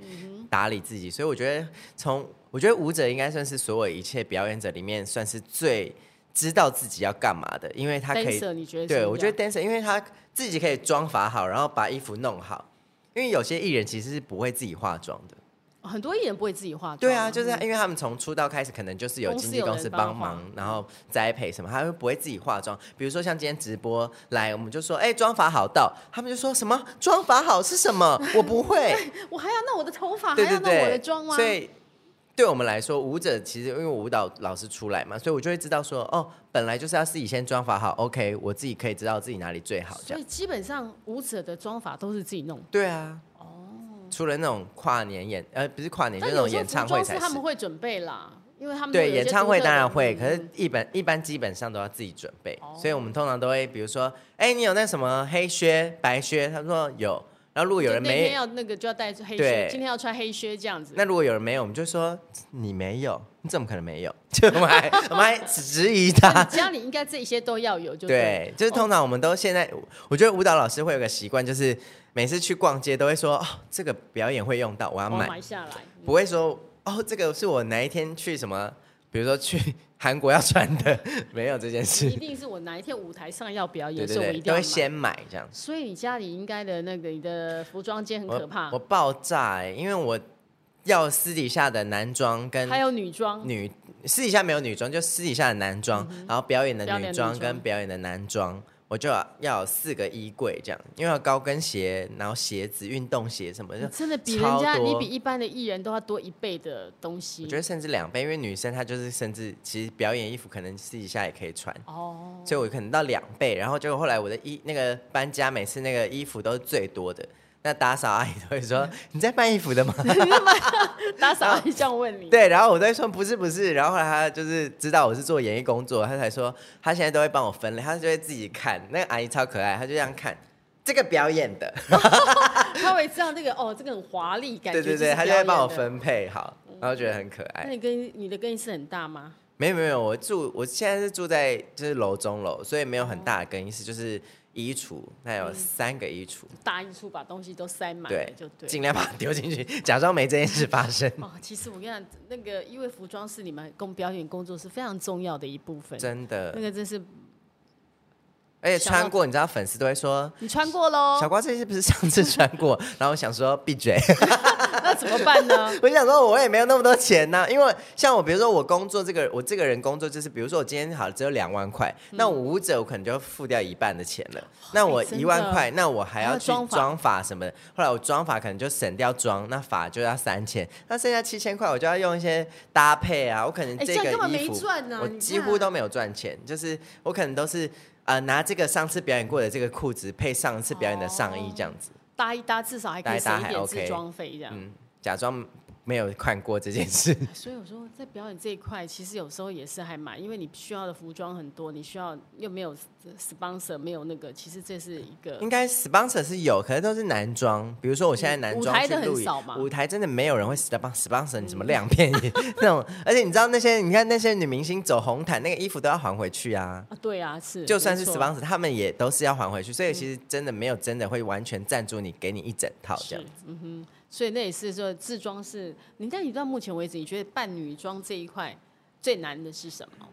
打理自己。所以我覺得，從我覺得舞者應該算是所有一切表演者裡面算是最知道自己要幹嘛的，因為他可以 dancer。對，我覺得 dancer，因為他自己可以妝髮好，然後把衣服弄好。因為有些藝人其實是不會自己化妝的。很多藝人不會自己化妝。對啊，就是因為他們從出道開始，可能就是有經紀公司幫忙，然後栽培什麼，他們不會自己化妝。比如說像今天直播來，我們就說，哎、欸，妝髮好到，他們就說什麼妝髮好是什麼？我不會，欸，我還要弄我的頭髮，還要弄我的妝嗎？對，對我們來說，舞者其實因為舞蹈老師出來嘛，所以我就會知道說，哦，本來就是要自己先妝髮好，OK，我自己可以知道自己哪裡最好這樣。所以基本上舞者的妝髮都是自己弄。對啊。除了那種跨年演，呃，不是跨年，就是那種演唱會才是。演他們會準備啦，因為他們對演唱會當然會，嗯、可是一，一般一般基本上都要自己準備，哦、所以我們通常都會，比如說，哎、欸，你有那什麼黑靴、白靴？他說有。然後如果有人沒，那天要那個就要帶黑靴。對。今天要穿黑靴這樣子。那如果有人沒有，我們就說你沒有，你怎麼可能沒有？就我們還 我們還質疑他。只要你應該這些都要有就對。對，就是通常我們都現在，哦、我,我覺得舞蹈老師會有個習慣，就是。每次去逛街都會說哦，這個表演會用到，我要買，我要買下來，嗯。不會說哦，這個是我哪一天去什麼，比如說去韓國要穿的，沒有這件事。一定是我哪一天舞台上要表演，對對對，所以我一定要買，都會先買這樣。所以你家裡應該的那個你的服裝間很可怕。我，我爆炸欸，因為我要私底下的男裝跟還有女裝，女私底下沒有女裝，就私底下的男裝，嗯，然後表演的女裝跟表演的男裝。我就要，要有四個衣櫃，這樣，因為要高跟鞋，然後鞋子、運動鞋什麼的，真的比人家，你比一般的藝人都要多一倍的東西。我覺得甚至兩倍，因為女生她就是甚至其實表演衣服可能私底下也可以穿。哦、oh，所以我可能到兩倍，然後結果後來我的衣，那個搬家，每次那個衣服都是最多的。那打掃阿姨都會說：“嗯、你在賣衣服的嗎？” 打掃阿姨這樣問你。對，然後我都會說：“不是，不是。”然後後來他就是知道我是做演藝工作，他才說他現在都會幫我分類，他就會自己看。那個阿姨超可愛，她就這樣看這個表演的，她 會、哦、知道這、那個哦，這個很華麗，感覺對對對，他就會幫我分配好、嗯，然後覺得很可愛。那你跟你的更衣室很大嗎？沒有沒有，我住我現在是住在就是樓中樓，所以沒有很大的更衣室，哦、就是。衣櫥，那有三個衣櫥，嗯，大衣櫥，把東西都塞滿，對，就對，盡量把它丟進去，假裝沒這件事發生。哦，其實我跟你講，那個，因為服裝是你們工表演工作是非常重要的一部分，真的，那個真是。而且穿過，你知道粉絲都會說你穿過咯。小瓜這是不是上次穿過， 然後我想說閉嘴。那怎麼辦呢？我想說，我也沒有那麼多錢呢、啊。因為像我，比如說我工作這個，我這個人工作就是，比如說我今天好像只有兩萬塊、嗯，那五折我可能就付掉一半的錢了。嗯、那我一萬塊、哎，那我還要去妝髮什麼的。後來我妝髮可能就省掉妝，那髮就要三千，那剩下七千塊我就要用一些搭配啊。我可能這個衣服，我幾乎都沒有賺錢，就是我可能都是。啊、呃，拿這個上次表演過的這個褲子，配上次表演的上衣，這樣子、哦、搭一搭，至少還可以省一點置裝費，這樣。搭搭 okay，嗯，假裝沒有看過這件事。所以我說，在表演這一塊，其實有時候也是還蠻，因為你需要的服裝很多，你需要又沒有。sponsor 沒有那個，其實這是一個，應該 sponsor 是有，可是都是男裝。比如說我現在男裝舞台的很少嘛，舞台真的沒有人會死得幫 sponsor、嗯、你什麼亮片那種。 而且你知道那些，你看那些女明星走紅毯，那個衣服都要還回去啊。啊，對啊，是，就算是 sponsor，他們也都是要還回去。所以其實真的沒有真的會完全贊助你，給你一整套這樣子。嗯哼，所以那也是說自裝是。你那你知道目前為止，你覺得扮女裝這一塊最難的是什麼？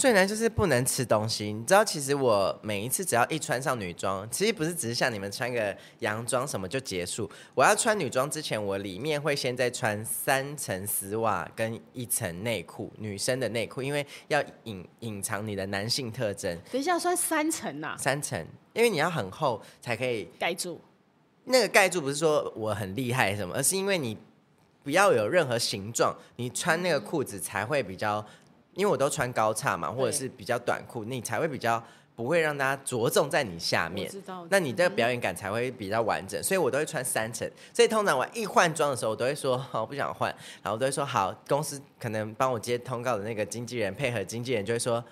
最難就是不能吃東西，你知道，其實我每一次只要一穿上女裝，其實不是只是像你們穿個洋裝什麼就結束。我要穿女裝之前，我裡面會先再穿三層絲襪跟一層內褲，女生的內褲，因為要隱隱藏你的男性特徵。等一下要穿三層吶、啊？三層，因為你要很厚才可以蓋住。那個蓋住不是說我很厲害什麼，而是因為你不要有任何形狀，你穿那個褲子才會比較。因為我都穿高叉嘛，或者是比較短褲，你才會比較不會讓大家着重在你下面，那你的表演感才會比較完整。所以我都會穿三層。所以通常我一換裝的時候，我都會說我、哦、不想換，然後我都會說好，公司可能幫我接通告的那個經紀人配合經紀人就會說，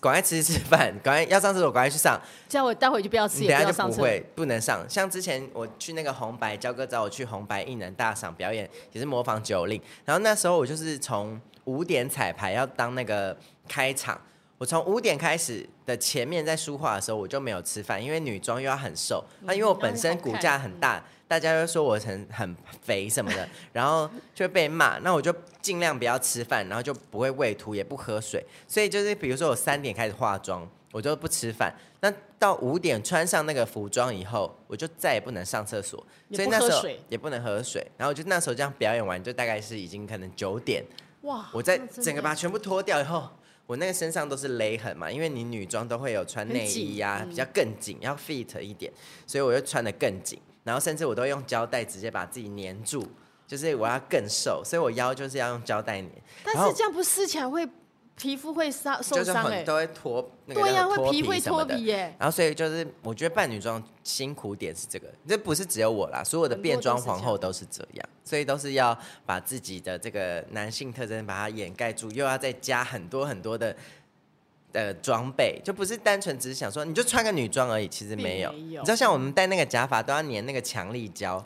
趕快吃吃飯，趕快要上廁所，趕快去上。這樣我待會就不要吃，等一下就不會不，不能上。像之前我去那個紅白，焦哥找我去紅白藝能大賞表演，也是模仿九令。然後那時候我就是從。五點彩排，要當那個開場，我從五點開始的前面在梳化的時候，我就沒有吃飯，因為女裝又要很瘦，那、嗯、因為我本身骨架很大，嗯、大家又說我很很肥什麼的， 然後就被罵，那我就盡量不要吃飯，然後就不會胃凸也不喝水，所以就是比如說我三點開始化妝，我就不吃飯，那到五點穿上那個服裝以後，我就再也不能上廁所，所以那時候也不能喝水，然後我就那時候這樣表演完就大概是已經可能九點。.哇！我在整個把它全部脫掉以後，啊、我那個身上都是勒痕嘛，因為你女裝都會有穿內衣呀、啊嗯，比較更緊，要 fit 一點，所以我就穿得更緊，然後甚至我都用膠帶直接把自己粘住，就是我要更瘦，所以我腰就是要用膠帶粘。但是這樣不撕起來會？皮膚會傷受傷哎，都會脫那個脫皮什麼的。對啊，會皮會脫皮欸。然後所以就是，我覺得扮女裝辛苦點是這個，這不是只有我啦，所有的變裝皇後都是這樣是，所以都是要把自己的這個男性特徵把它掩蓋住，又要再加很多很多的的裝備，就不是單純只是想說你就穿個女裝而已，其實沒有。有你知道像我們戴那個假髮都要粘那個強力膠。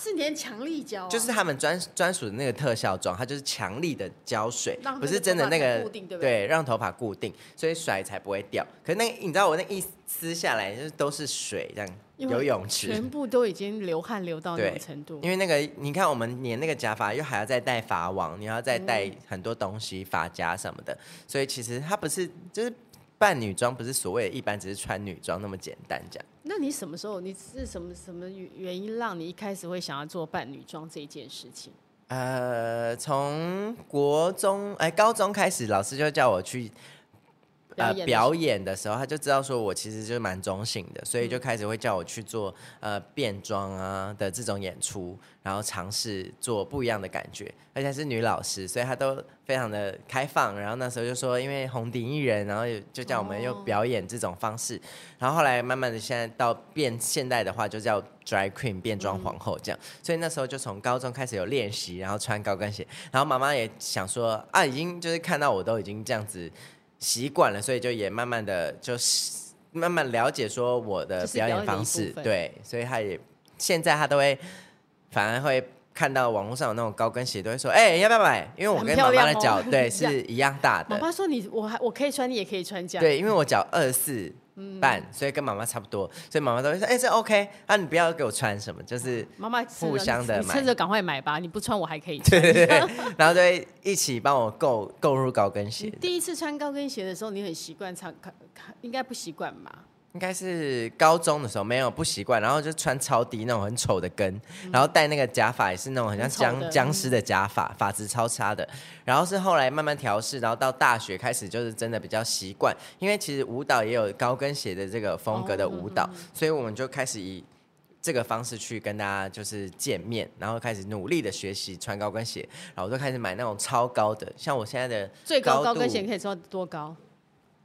是粘強力膠、啊，就是他們專專屬的那個特效妝它就是強力的膠水，不是真的那個固定對不對？對，讓頭髮固定，所以甩才不會掉。可是那個、你知道我那一撕下來就是都是水，這樣游泳池全部都已經流汗流到那個程度。因為那個你看，我們粘那個假髮又還要再戴髮網，你要再戴很多東西，髮夾什麼的，所以其實它不是就是。扮女裝不是所謂的一般只是穿女裝那麼簡單，這樣。那你什麼時候？你是什麼什麼原因讓你一開始會想要做扮女裝這件事情？呃，從國中哎，高中開始，老師就叫我去。呃，表演的時候，他就知道說我其實就是蠻中性的，所以就開始會叫我去做呃變裝啊的這種演出，然後嘗試做不一樣的感覺。而且是女老師，所以她都非常的開放。然後那時候就說，因為紅頂藝人，然後就叫我們用表演這種方式。哦。然後後來慢慢的，現在到變現代的話，就叫 drag queen 變裝皇後這樣。嗯。所以那時候就從高中開始有練習，然後穿高跟鞋。然後媽媽也想說啊，已經就是看到我都已經這樣子。習慣了，所以就也慢慢的，就是慢慢了解說我的表演方式，就是、對，所以他也現在他都會，反而會看到網絡上有那種高跟鞋，都會說，哎、欸，要不要買？因為我跟媽媽的腳、哦、對是一樣大的。我媽說你我還我可以穿，你也可以穿腳。對，因為我腳二四半，所以跟媽媽差不多，所以媽媽都會說：“哎，這 OK，那你不要給我穿什麼，就是媽媽互相的買，趁着趕快買吧，你不穿我還可以穿。 對對對”對，然後就一起幫我購購入高跟鞋。第一次穿高跟鞋的時候，你很習慣穿，應該不習慣吧？應該是高中的時候沒有不習慣，然後就穿超低那種很醜的跟、嗯，然後戴那個假髮也是那種很像僵很殭屍的假髮，髮質超差的。然後是後來慢慢調適，然後到大學開始就是真的比較習慣，因為其實舞蹈也有高跟鞋的這個風格的舞蹈、哦嗯嗯，所以我們就開始以這個方式去跟大家就是見面，然後開始努力的學習穿高跟鞋，然後都開始買那種超高的，像我現在的高最高高跟鞋可以穿多高？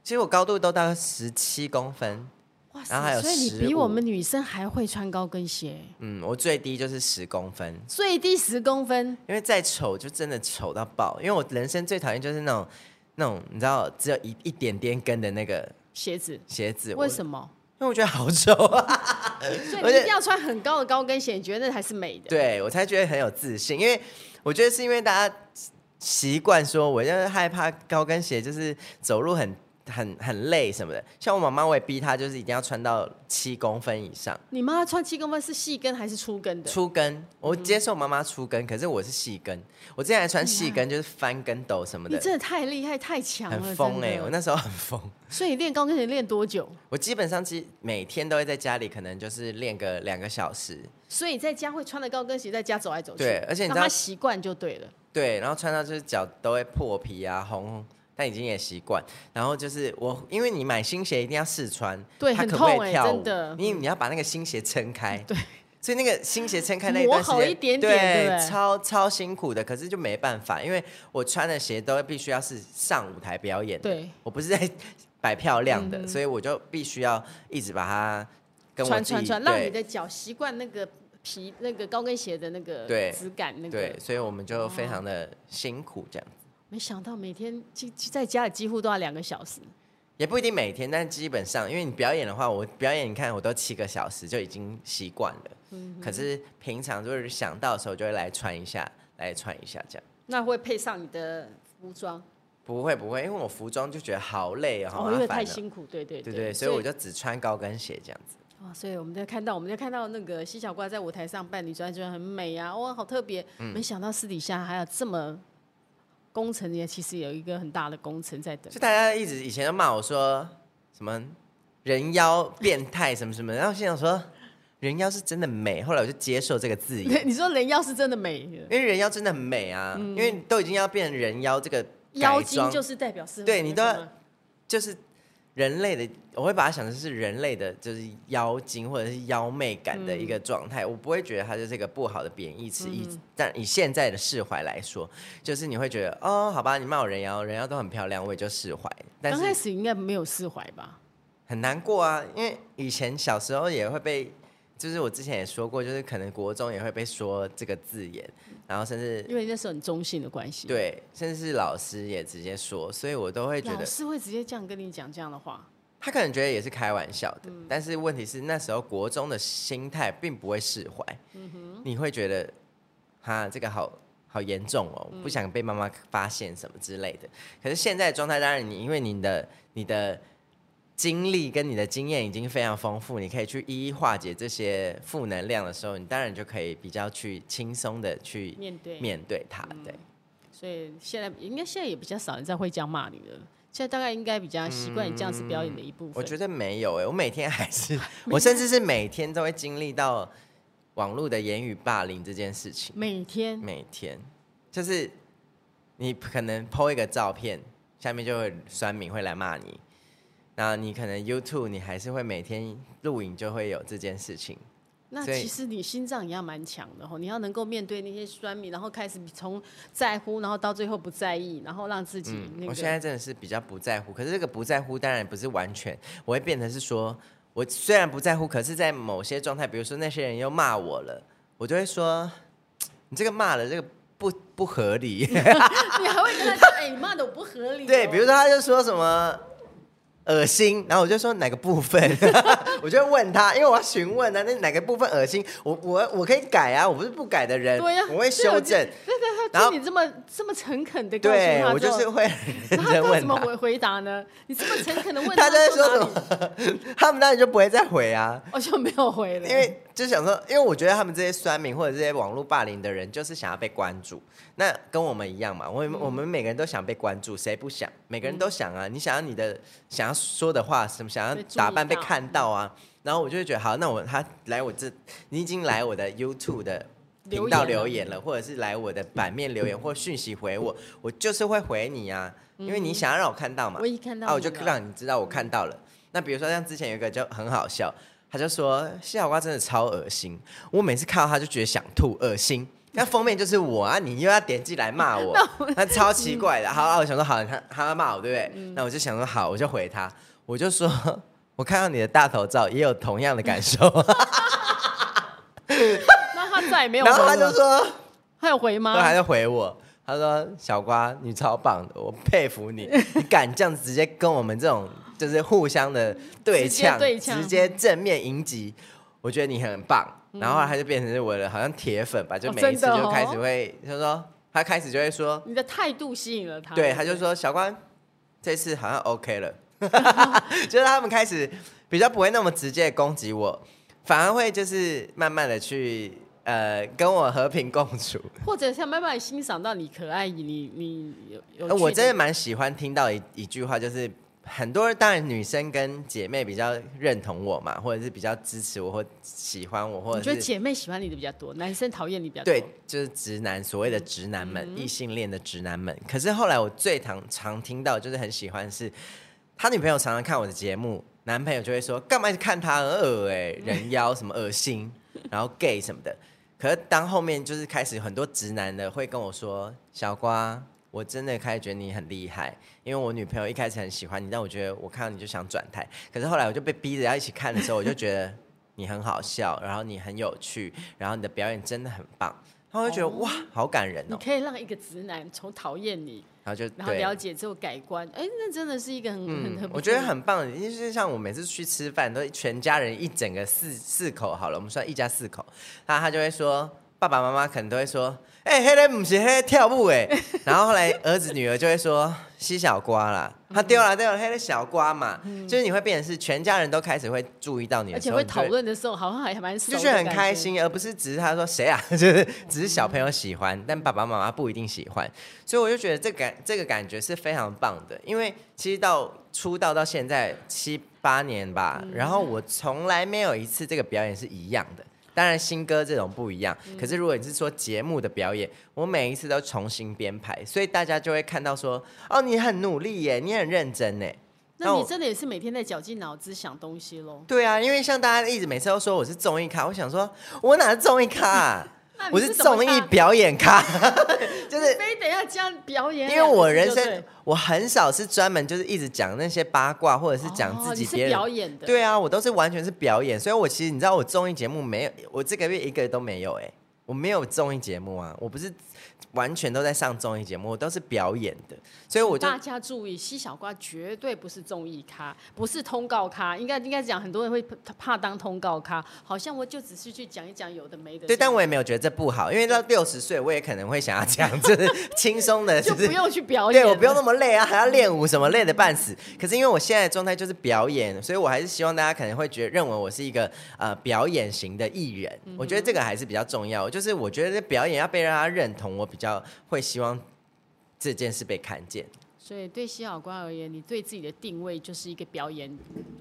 其實我高度都大概十七公分，哇，然後還有！所以你比我們女生還會穿高跟鞋。嗯，我最低就是十公分，最低十公分。因為再醜就真的醜到爆。因為我人生最討厭就是那種那種你知道只有一一點點跟的那個鞋子鞋子、鞋子。為什麼？因為我覺得好醜啊！ 所以你一定要穿很高的高跟鞋，你覺得那才是美的？我對，我才覺得很有自信。因為我覺得是因為大家習慣說，我就是害怕高跟鞋，就是走路很低。很很累什麼的，像我媽媽，我也逼她，就是一定要穿到七公分以上。你媽媽穿七公分是細跟還是粗跟的？粗跟，我接受媽媽粗跟，嗯，可是我是細跟。我之前還穿細跟，就是翻跟斗什麼的。你真的太厲害，太強了，很瘋哎、欸！我那時候很瘋。所以你練高跟鞋練多久？我基本上其實每天都會在家裡，可能就是練個兩個小時。所以你在家會穿着高跟鞋在家走來走去？對，而且你知道嗎？她習慣就對了。對，然後穿到就是腳都會破皮啊，紅，紅。但已經也習慣，然後就是我，因為你買新鞋一定要試穿，對，它可不可以跳舞？因為、很痛欸、真的、你，你要把那個新鞋撐開，對，所以那個新鞋撐開那磨好一點點，對，對超超辛苦的。可是就沒辦法，因為我穿的鞋都必須要是上舞台表演的，對，我不是在擺漂亮的、嗯，所以我就必須要一直把它跟我穿穿穿，讓你的腳習慣那個皮那個高跟鞋的那個質感，對，那個對，所以我們就非常的辛苦這樣子。沒想到每天幾在家裡幾乎都要兩個小時，也不一定每天，但基本上因為你表演的話，我表演你看我都七個小時就已經習慣了。嗯。可是平常就是想到的時候就會來穿一下，來穿一下這樣。那會配上你的服裝？不會不會，因為我服裝就覺得好累好哦，因為太辛苦。對對對，對對，所以我就只穿高跟鞋這樣子。哦，所以我們就看到我們就看到那個嘻小瓜在舞台上扮女裝就很美呀、啊，哇、哦，好特別、嗯。沒想到私底下還有這麼。工程，也其實有一個很大的工程在等。就大家一直以前都罵我說什麼人妖變態什麼什麼，然後現在說人妖是真的美。後來我就接受這個字眼。你說人妖是真的美，因為人妖真的很美啊，嗯、因為都已經要變成人妖，這個妖精就是代表是對你都要就是。人類的，我會把它想成是人類的，就是妖精或者是妖媚感的一個狀態、嗯。我不會覺得它就是一個不好的貶義詞。以、嗯、但以現在的釋懷來說，就是你會覺得哦，好吧，你罵我人妖，人妖都很漂亮，我也就釋懷。但剛開始應該沒有釋懷吧？很難過啊，因為以前小時候也會被。就是我之前也說過，就是可能國中也會被說這個字眼，然後甚至因為那是很中性的關係，對，甚至是老師也直接說，所以我都會覺得老師會直接這樣跟你講這樣的話。他可能覺得也是開玩笑的，嗯、但是問題是那時候國中的心態並不會釋懷、嗯，你會覺得哈這個好好嚴重哦，不想被媽媽發現什麼之類的。嗯、可是現在的狀態，當然你因為你的你的。經歷跟你的經驗已經非常豐富，你可以去一一化解這些負能量的時候，你當然就可以比較去輕鬆的去面對它，對，面對他。對、嗯，所以現在應該現在也比較少人再會這樣罵你了。現在大概應該比較習慣你這樣子表演的一部分。嗯、我覺得沒有誒、欸，我每天還是，每天，我甚至是每天都會經歷到網絡的言語霸凌這件事情。每天每天，就是你可能 PO 一個照片，下面就會酸民會來罵你。那你可能 YouTube，你還是會每天錄影就會有這件事情。那其實你心臟也要蠻強的哦，你要能夠面對那些酸民，然後開始從在乎，然後到最後不在意，然後讓自己……我現在真的是比較不在乎，可是這個不在乎當然不是完全，我會變成是說，我雖然不在乎，可是在某些狀態，比如說那些人又罵我了，我就會說：“你這個罵了，這個不不合理。 ”你還會跟他講：“哎、欸，你罵的我不合理、哦。”對，比如說他就說什麼。噁心，然後我就說哪個部分， 我就問他，因為我要詢問啊，那哪個部分噁心，我我我可以改啊，我不是不改的人，對呀、啊，我會修正。對對對，對，然後他對你這麼這麼誠懇的告訴他，然後他會怎麼回回答呢？你這麼誠懇的問他，他就會說， 他們當然就不會再回啊，我、哦、就沒有回了，因為。就想說，因為我覺得他們這些酸民或者這些網絡霸凌的人，就是想要被關注。那跟我們一樣嘛，我、嗯、我們每個人都想被關注，誰不想？每個人都想啊，嗯、你想要你的想要說的話，什麼想要打扮被看到啊。到然後我就會覺得，好，那我他來我這，你已經來我的 YouTube 的頻道留言，留言了，或者是來我的版面留言、嗯、或訊息回我，我就是會回你啊，因為你想要讓我看到嘛，我一看到，啊，我就讓你知道我看到了。那比如說像之前有一個就很好笑。他就說：“嘻小瓜真的超惡心，我每次看到他就覺得想吐，惡心。那封面就是我、嗯、啊，你又要點進來罵我，他 超奇怪的、嗯。好，我想說好，他他要罵我對不對、嗯？那我就想說好，我就回他，我就說我看到你的大頭照也有同樣的感受。”然後他再也沒有回我，他就說：“他有回嗎？”他就回我，他說：“小瓜，你超棒的，我佩服你， 你敢這樣直接跟我們這種。”就是互相的對嗆，直接正面迎擊。我覺得你很棒，嗯、然後，後他就變成我的好像鐵粉吧，就每一次就開始會，他、哦哦、說他開始就會說你的態度吸引了他，對，他就說小瓜這次好像 OK 了， 就是他們開始比較不會那麼直接攻擊我，反而會就是慢慢的去呃跟我和平共處，或者像慢慢欣賞到你可愛，你你有有、啊，我真的蠻喜歡聽到一一句話就是。很多當然女生跟姐妹比較認同我嘛，或者是比較支持我或喜歡我，或者覺得姐妹喜歡你的比較多，男生討厭你比較多。對，就是直男所謂的直男們、嗯，異性戀的直男們。嗯、可是後來我最常常聽到就是很喜歡是，是他女朋友常常看我的節目，男朋友就會說幹嘛一直看他很，欸，很惡人妖什麼噁心， 然後 gay 什麼的。可是當後面就是開始很多直男的會跟我說，小瓜。我真的開始覺得你很厲害，因為我女朋友一開始很喜歡你，但我覺得我看到你就想轉台。可是後來我就被逼着要一起看的時候， 我就覺得你很好笑，然後你很有趣，然後你的表演真的很棒，然後我就覺得、哦、哇，好感人哦。你可以讓一個直男從討厭你，然後就然後了解之後改觀，哎、欸，那真的是一個很、嗯、很很，我覺得很棒。因為就是像我每次去吃飯，都全家人一整個四四口好了，我們算一家四口，那他就會說。爸爸媽媽可能都會說：“哎、欸，黑人不是黑人跳舞哎。 ”然後後來兒子女兒就會說：“嘻小瓜啦，他丟了對了黑人小瓜嘛。嗯”就是你會變成是全家人都開始會注意到你的，而且會討論的時候好像還蠻就是很開心，而不是只是他說誰啊，就是只是小朋友喜歡，嗯、但爸爸媽媽不一定喜歡。所以我就覺得這個感這個感覺是非常棒的，因為其實到出道到現在七八年吧、嗯，然後我從來沒有一次這個表演是一樣的。當然，新歌這種不一樣。可是如果你是說節目的表演，嗯、我每一次都重新編排，所以大家就會看到說，哦，你很努力耶，你很認真呢。那你真的也是每天在絞盡腦汁想東西嘍？對啊，因為像大家一直每次都說我是綜藝咖，我想說，我哪是綜藝咖啊？ 是我是綜藝表演咖， 就是 非得要這樣表演樣。因為我人生我很少是專門就是一直講那些八卦，或者是講自己別人、oh，是表演的。對啊，我都是完全是表演，所以我其實你知道，我綜藝節目沒有，我這個月一個都沒有、欸我沒有綜藝節目啊，我不是完全都在上綜藝節目，我都是表演的。所以我，我覺得大家注意，嘻小瓜絕對不是綜藝咖，不是通告咖。應該應該講，很多人會怕當通告咖，好像，我就只是去講一講有的沒的。對，但我也沒有覺得這不好，因為到六十歲，我也可能會想要這樣，就是輕鬆的是是， 就不用去表演。對，我不用那麼累啊，還要練舞什麼，累的半死。可是因為我現在的狀態就是表演，所以我還是希望大家可能會覺得認為我是一個呃表演型的藝人、嗯。我覺得這個還是比較重要。就是我覺得表演要被大家認同，我比較會希望這件事被看見。所以對嘻小瓜而言，你對自己的定位就是一個表演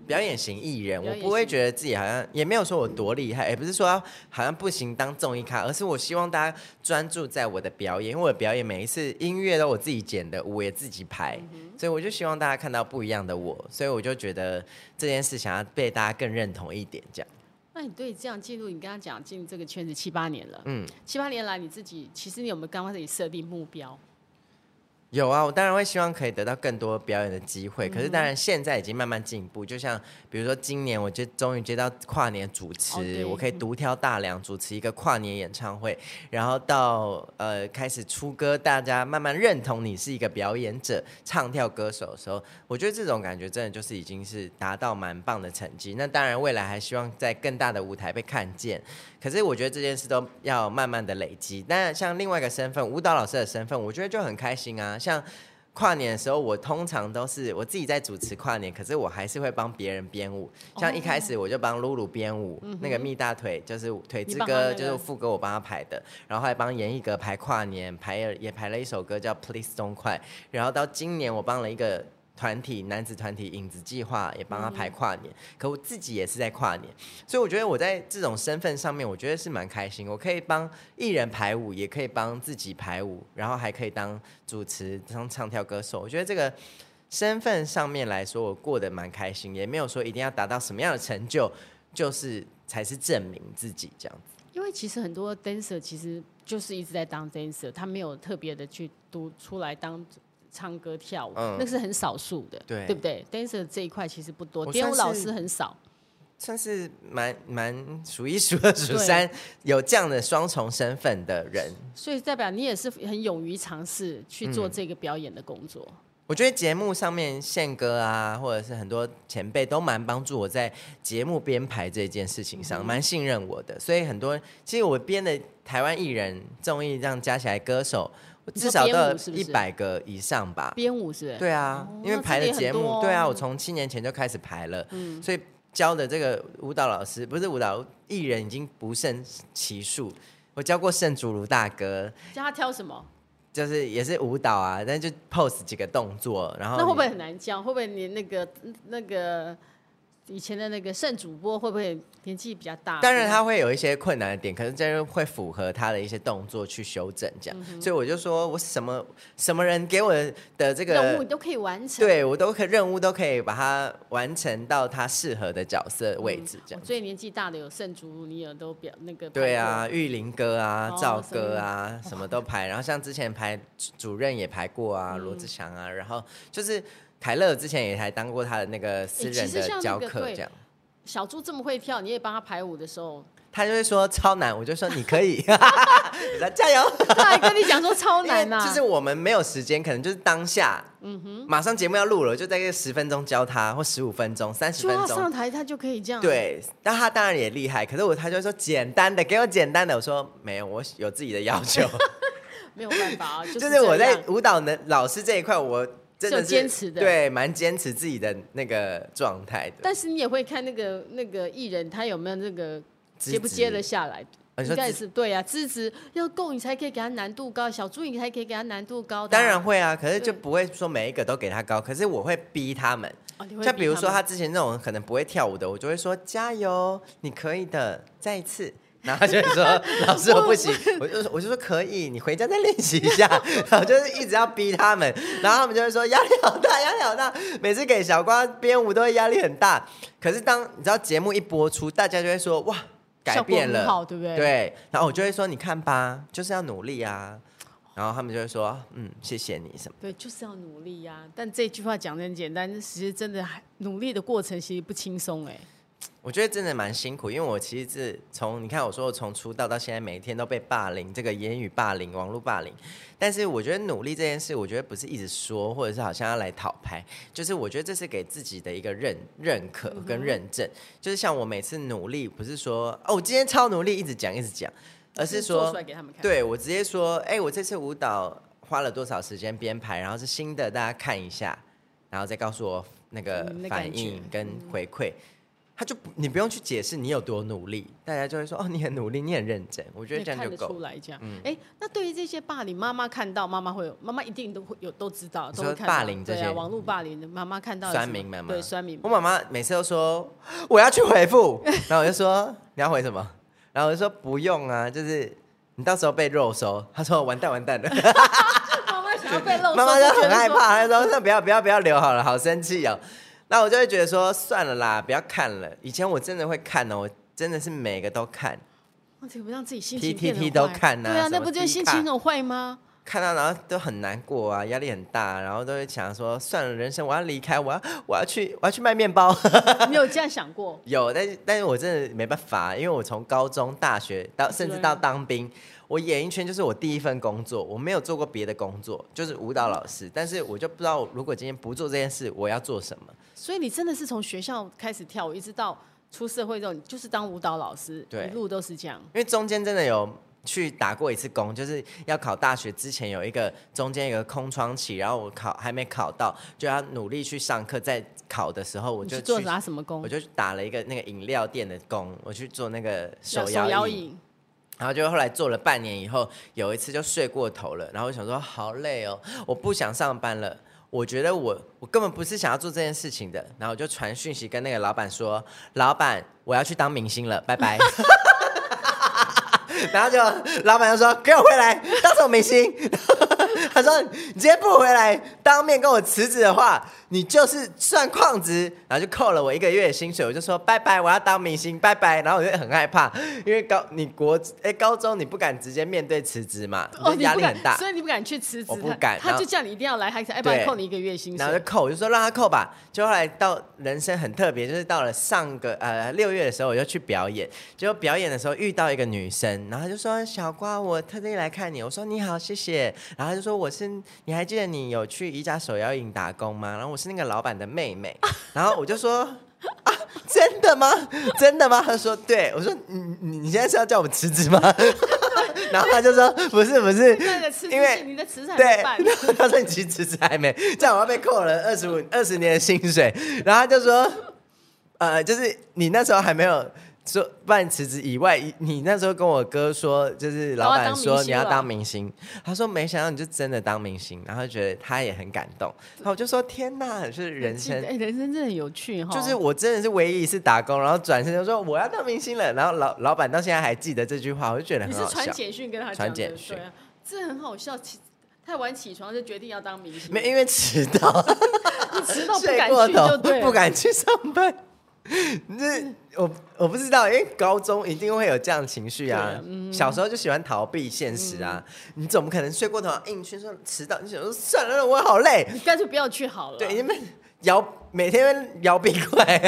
表演型藝人型。我不會覺得自己好像也沒有說我多厲害，也不是說好像不行當綜藝咖，而是我希望大家專注在我的表演，因為我的表演每一次音樂都我自己剪的，我也自己排、嗯，所以我就希望大家看到不一樣的我。所以我就覺得這件事想要被大家更認同一點，這樣。那你對這樣進入，你剛剛講進入這個圈子七八年了，嗯，七八年來你自己其實你有沒有剛開始設定目標？有啊，我當然會希望可以得到更多表演的機會。可是當然現在已經慢慢進步，嗯、就像比如說今年，我就終於接到跨年主持，Okay, 我可以獨挑大梁、嗯、主持一個跨年演唱會。然後到呃開始出歌，大家慢慢認同你是一個表演者、唱跳歌手的時候，我覺得這種感覺真的就是已經是達到蠻棒的成績。那當然未來還希望在更大的舞台被看見。可是我覺得這件事都要慢慢的累積。但像另外一個身份，舞蹈老師的身份，我覺得就很開心啊。像跨年的時候，我通常都是我自己在主持跨年，可是我還是會幫別人編舞。像一開始我就幫露露編舞，okay. 那個蜜大腿就是腿之歌，就是副歌我幫他排的，那個、然後還幫嚴藝格排跨年，排也排了一首歌叫《Please Don't Quiet》中快。然後到今年我幫了一個。團體男子團體影子計劃，也幫他排跨年。嗯，可我自己也是在跨年，所以我覺得我在這種身份上面，我覺得是蠻開心。我可以幫藝人排舞，也可以幫自己排舞，然後還可以當主持、當唱跳歌手。我覺得這個身份上面來說，我過得蠻開心，也沒有說一定要達到什麼樣的成就，就是才是證明自己這樣子。因為其實很多 dancer 其實就是一直在當 dancer，他沒有特別的去讀出來當，唱歌跳舞，嗯，那是很少數的，對不對？Dancer 這一塊其實不多，編舞老師很少，算是蠻蠻數一數二、數三有這樣的雙重身份的人。所以代表你也是很勇於嘗試去做這個表演的工作。嗯、我覺得節目上面憲哥啊，或者是很多前輩都蠻幫助我在節目編排這件事情上蠻、嗯、信任我的，所以很多其實我編的台灣藝人、綜藝這樣加起來歌手。是是至少到一百個以上吧。編舞是，不是？對啊，哦、因為排的節目、哦哦，對啊，我從七年前就開始排了，嗯、所以教的這個舞蹈老師不是舞蹈藝人已經不勝其數。我教過盛竹如大哥，教他跳什麼？就是也是舞蹈啊，但就 pose 幾個動作，然後那會不會很難教？會不會你那個那個？以前的那個聖主播會不會年紀比較大？當然他會有一些困難的點，可是真的會符合他的一些動作去修正這樣。嗯、所以我就說，我什麼什麼人給我的這個任務都可以完成，對我都可任務都可以把它完成到他適合的角色位置這樣。所、嗯、以、哦、年紀大的有聖主播，你也都表那個對啊，玉林哥啊、哦、趙哥啊，什麼都排。然後像之前排主任也排過啊，羅志祥啊、嗯，然後就是。凱樂之前也還當過他的那個私人的，欸，那個教課，這樣。小豬這麼會跳，你也幫他排舞的時候，他就會說超難。我就說你可以 來加油。他還跟 你講說超難呢，啊，就是我們沒有時間，可能就是當下，嗯哼，馬上節目要錄了，就在這十分鐘教他或十五分鐘、三十分鐘上台，他就可以這樣。對，但他當然也厲害。可是我他就說簡單的，給我簡單的。我說沒有，我有自己的要求， 沒有辦法，啊就是，就是我在舞蹈的老師這一塊，我。是有堅持的，對，蠻堅持自己的那個狀態的。但是你也會看那個那個藝人，他有沒有那個接不接得下來的？你應該是對呀、啊，資質要夠，你才可以給他難度高。小豬，你才可以給他難度高、啊。當然會啊，可是就不會說每一個都給他高。可是我會逼他們。就、哦、比如說他之前那種可能不會跳舞的，我就會說加油，你可以的，再一次。 然後就會說老師，我不行，我就我就說可以，你回家再練習一下。 然後就是一直要逼他們，然後他們就會說壓力好大，壓力好大。每次給小瓜編舞都會壓力很大。可是當你知道節目一播出，大家就會說哇，改變了好，對不對？對。然後我就會說你看吧，就是要努力啊。然後他們就會說嗯，謝謝你什麼？對，就是要努力呀、啊。但這句話講得很簡單，其實真的還努力的過程其實不輕鬆哎。我覺得真的蠻辛苦，因為我其實是從你看我說我從出道到現在，每一天都被霸凌，這個言語霸凌、網絡霸凌。但是我覺得努力這件事，我覺得不是一直說，或者是好像要來討拍，就是我覺得這是給自己的一個認認可跟認證、嗯。就是像我每次努力，不是說哦我今天超努力，一直講一直講，而是說,說出來給他們看,看。對我直接說，哎、欸，我這次舞蹈花了多少時間編排，然後是新的，大家看一下，然後再告訴我那個反應跟回饋。嗯他就不，你不用去解釋你有多努力，大家就會說哦，你很努力，你很認真。我覺得這樣就夠。出來哎、嗯欸，那對於這些霸凌，媽媽看到，媽媽會有，媽媽一定都會有都知道，就是霸凌這些，啊、網絡霸凌的，媽媽看到的。酸民們嘛。對酸民。我媽媽每次都說我要去回復，然後我就說你要回什麼？ 然後我就說不用啊，就是你到時候被肉搜。她說完蛋完蛋了。媽 媽 想要被肉，媽媽就很害怕， 她說那不要不要不要留好了，好生氣哦。那我就會覺得說算了啦，不要看了。以前我真的會看哦，我真的是每個都看。我怎麼讓自己心情 PTT 都看呢、啊？對啊，那不就心情很壞嗎？看到然後都很難過啊，壓力很大，然後都會想說算了，人生我要離開，我要我要去我要去賣麵包。你 有這樣想過？有，但但是我真的沒辦法，因為我從高中、大學到甚至到當兵。我演藝圈就是我第一份工作，我沒有做過別的工作，就是舞蹈老師。但是我就不知道，如果今天不做這件事，我要做什麼。所以你真的是從學校開始跳舞，一直到出社會之後，你就是當舞蹈老師，對，一路都是這樣。因為中間真的有去打過一次工，就是要考大學之前有一個中間一個空窗期，然後我考還沒考到，就要努力去上課，在考的時候我就去做拿什麼工，我就打了一個那個飲料店的工，我去做那個手搖飲。啊然後就後來做了半年以後，有一次就睡過頭了。然後我想說，好累哦，我不想上班了。我覺得我我根本不是想要做這件事情的。然後我就傳訊息跟那個老闆說：“老闆，我要去當明星了，拜拜。 ” 然後就老闆就說：“給我回來，當什麼明星？” 他說你，：“你直接不回來，當面跟我辭職的話，你就是算曠職，然後就扣了我一個月的薪水。”我就說：“拜拜，我要當明星，拜拜。”然後我就很害怕，因為高你國哎高中你不敢直接面對辭職嘛，哦、你壓力很大，所以你不敢去辭職。我不敢，他就叫你一定要來，還是哎不然扣你一個月薪水，然後就扣，我就說讓他扣吧。就後來到人生很特別，就是到了上個呃六月的時候，我就去表演。結果表演的時候遇到一個女生，然後她就說：“小瓜，我特地來看你。”我說：“你好，謝謝。”然後就說。我是，你還記得你有去一家手搖飲打工嗎？然後我是那個老闆的妹妹。然後我就說，啊，真的嗎？真的嗎？她說，對。我說，你、嗯、你你現在是要叫我辭職嗎？ 然後他就說，不是不是，因為你的辭對，然後他說你其實辭職還沒，這樣我要被扣了二十五二十年的薪水。然後他就說，呃，就是你那時候還沒有，說辦辭職以外，你那時候跟我哥說，就是老板說你要當明星，當明星，他說沒想到你就真的當明星，然後覺得他也很感動，然後我就說天哪，就是人生、欸，人生真的很有趣哈，就是我真的是唯一一次打工，然後轉身就說我要當明星了，然後老老板到現在還記得這句話，我就覺得很好笑。你是傳簡訊跟他傳簡訊，啊，這很好笑，起太晚起床就決定要當明星，沒因為遲到，遲 到不敢去就， 不敢去上班。 那、 就是嗯、我我不知道，因為高中一定會有這樣的情緒啊、嗯。小時候就喜歡逃避現實啊。嗯、你怎麼可能睡過頭、啊？硬、欸、去說遲到，你想說算了，我好累，你乾脆不要去好了、啊。對，因為搖每天搖冰塊，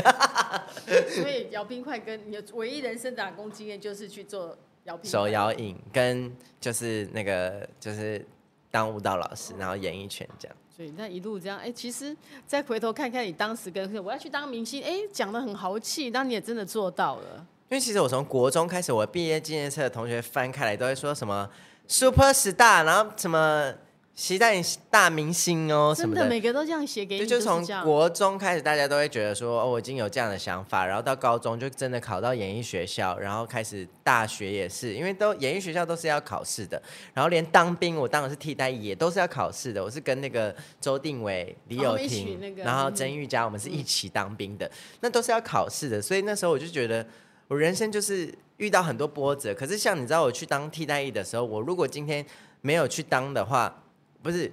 所以搖冰塊跟你唯一人生打工經驗就是去做搖手搖飲，跟就是那個就是當舞蹈老師，然後演藝圈這樣。所以，那一路這樣，哎，其實再回頭看看，你當時跟我要去當明星，哎，講得很豪氣，那你也真的做到了。因為其實我從國中開始，我畢業紀念冊的同學翻開來，都會說什麼 “super star”，然後什麼。期待你大明星哦，喔，真的，什麼的每個都這樣寫給你。就，就從國中開始，大家都會覺得說，哦，我已經有這樣的想法。然後到高中就真的考到演藝學校，然後開始大學也是，因為都演藝學校都是要考試的。然後連當兵，我當的是替代役，也都是要考試的。我是跟那個周定偉，嗯、李友廷、哦那個，然後曾玉佳，我們是一起當兵的，嗯，那都是要考試的。所以那時候我就覺得，我人生就是遇到很多波折。可是像你知道，我去當替代役的時候，我如果今天沒有去當的話。不是，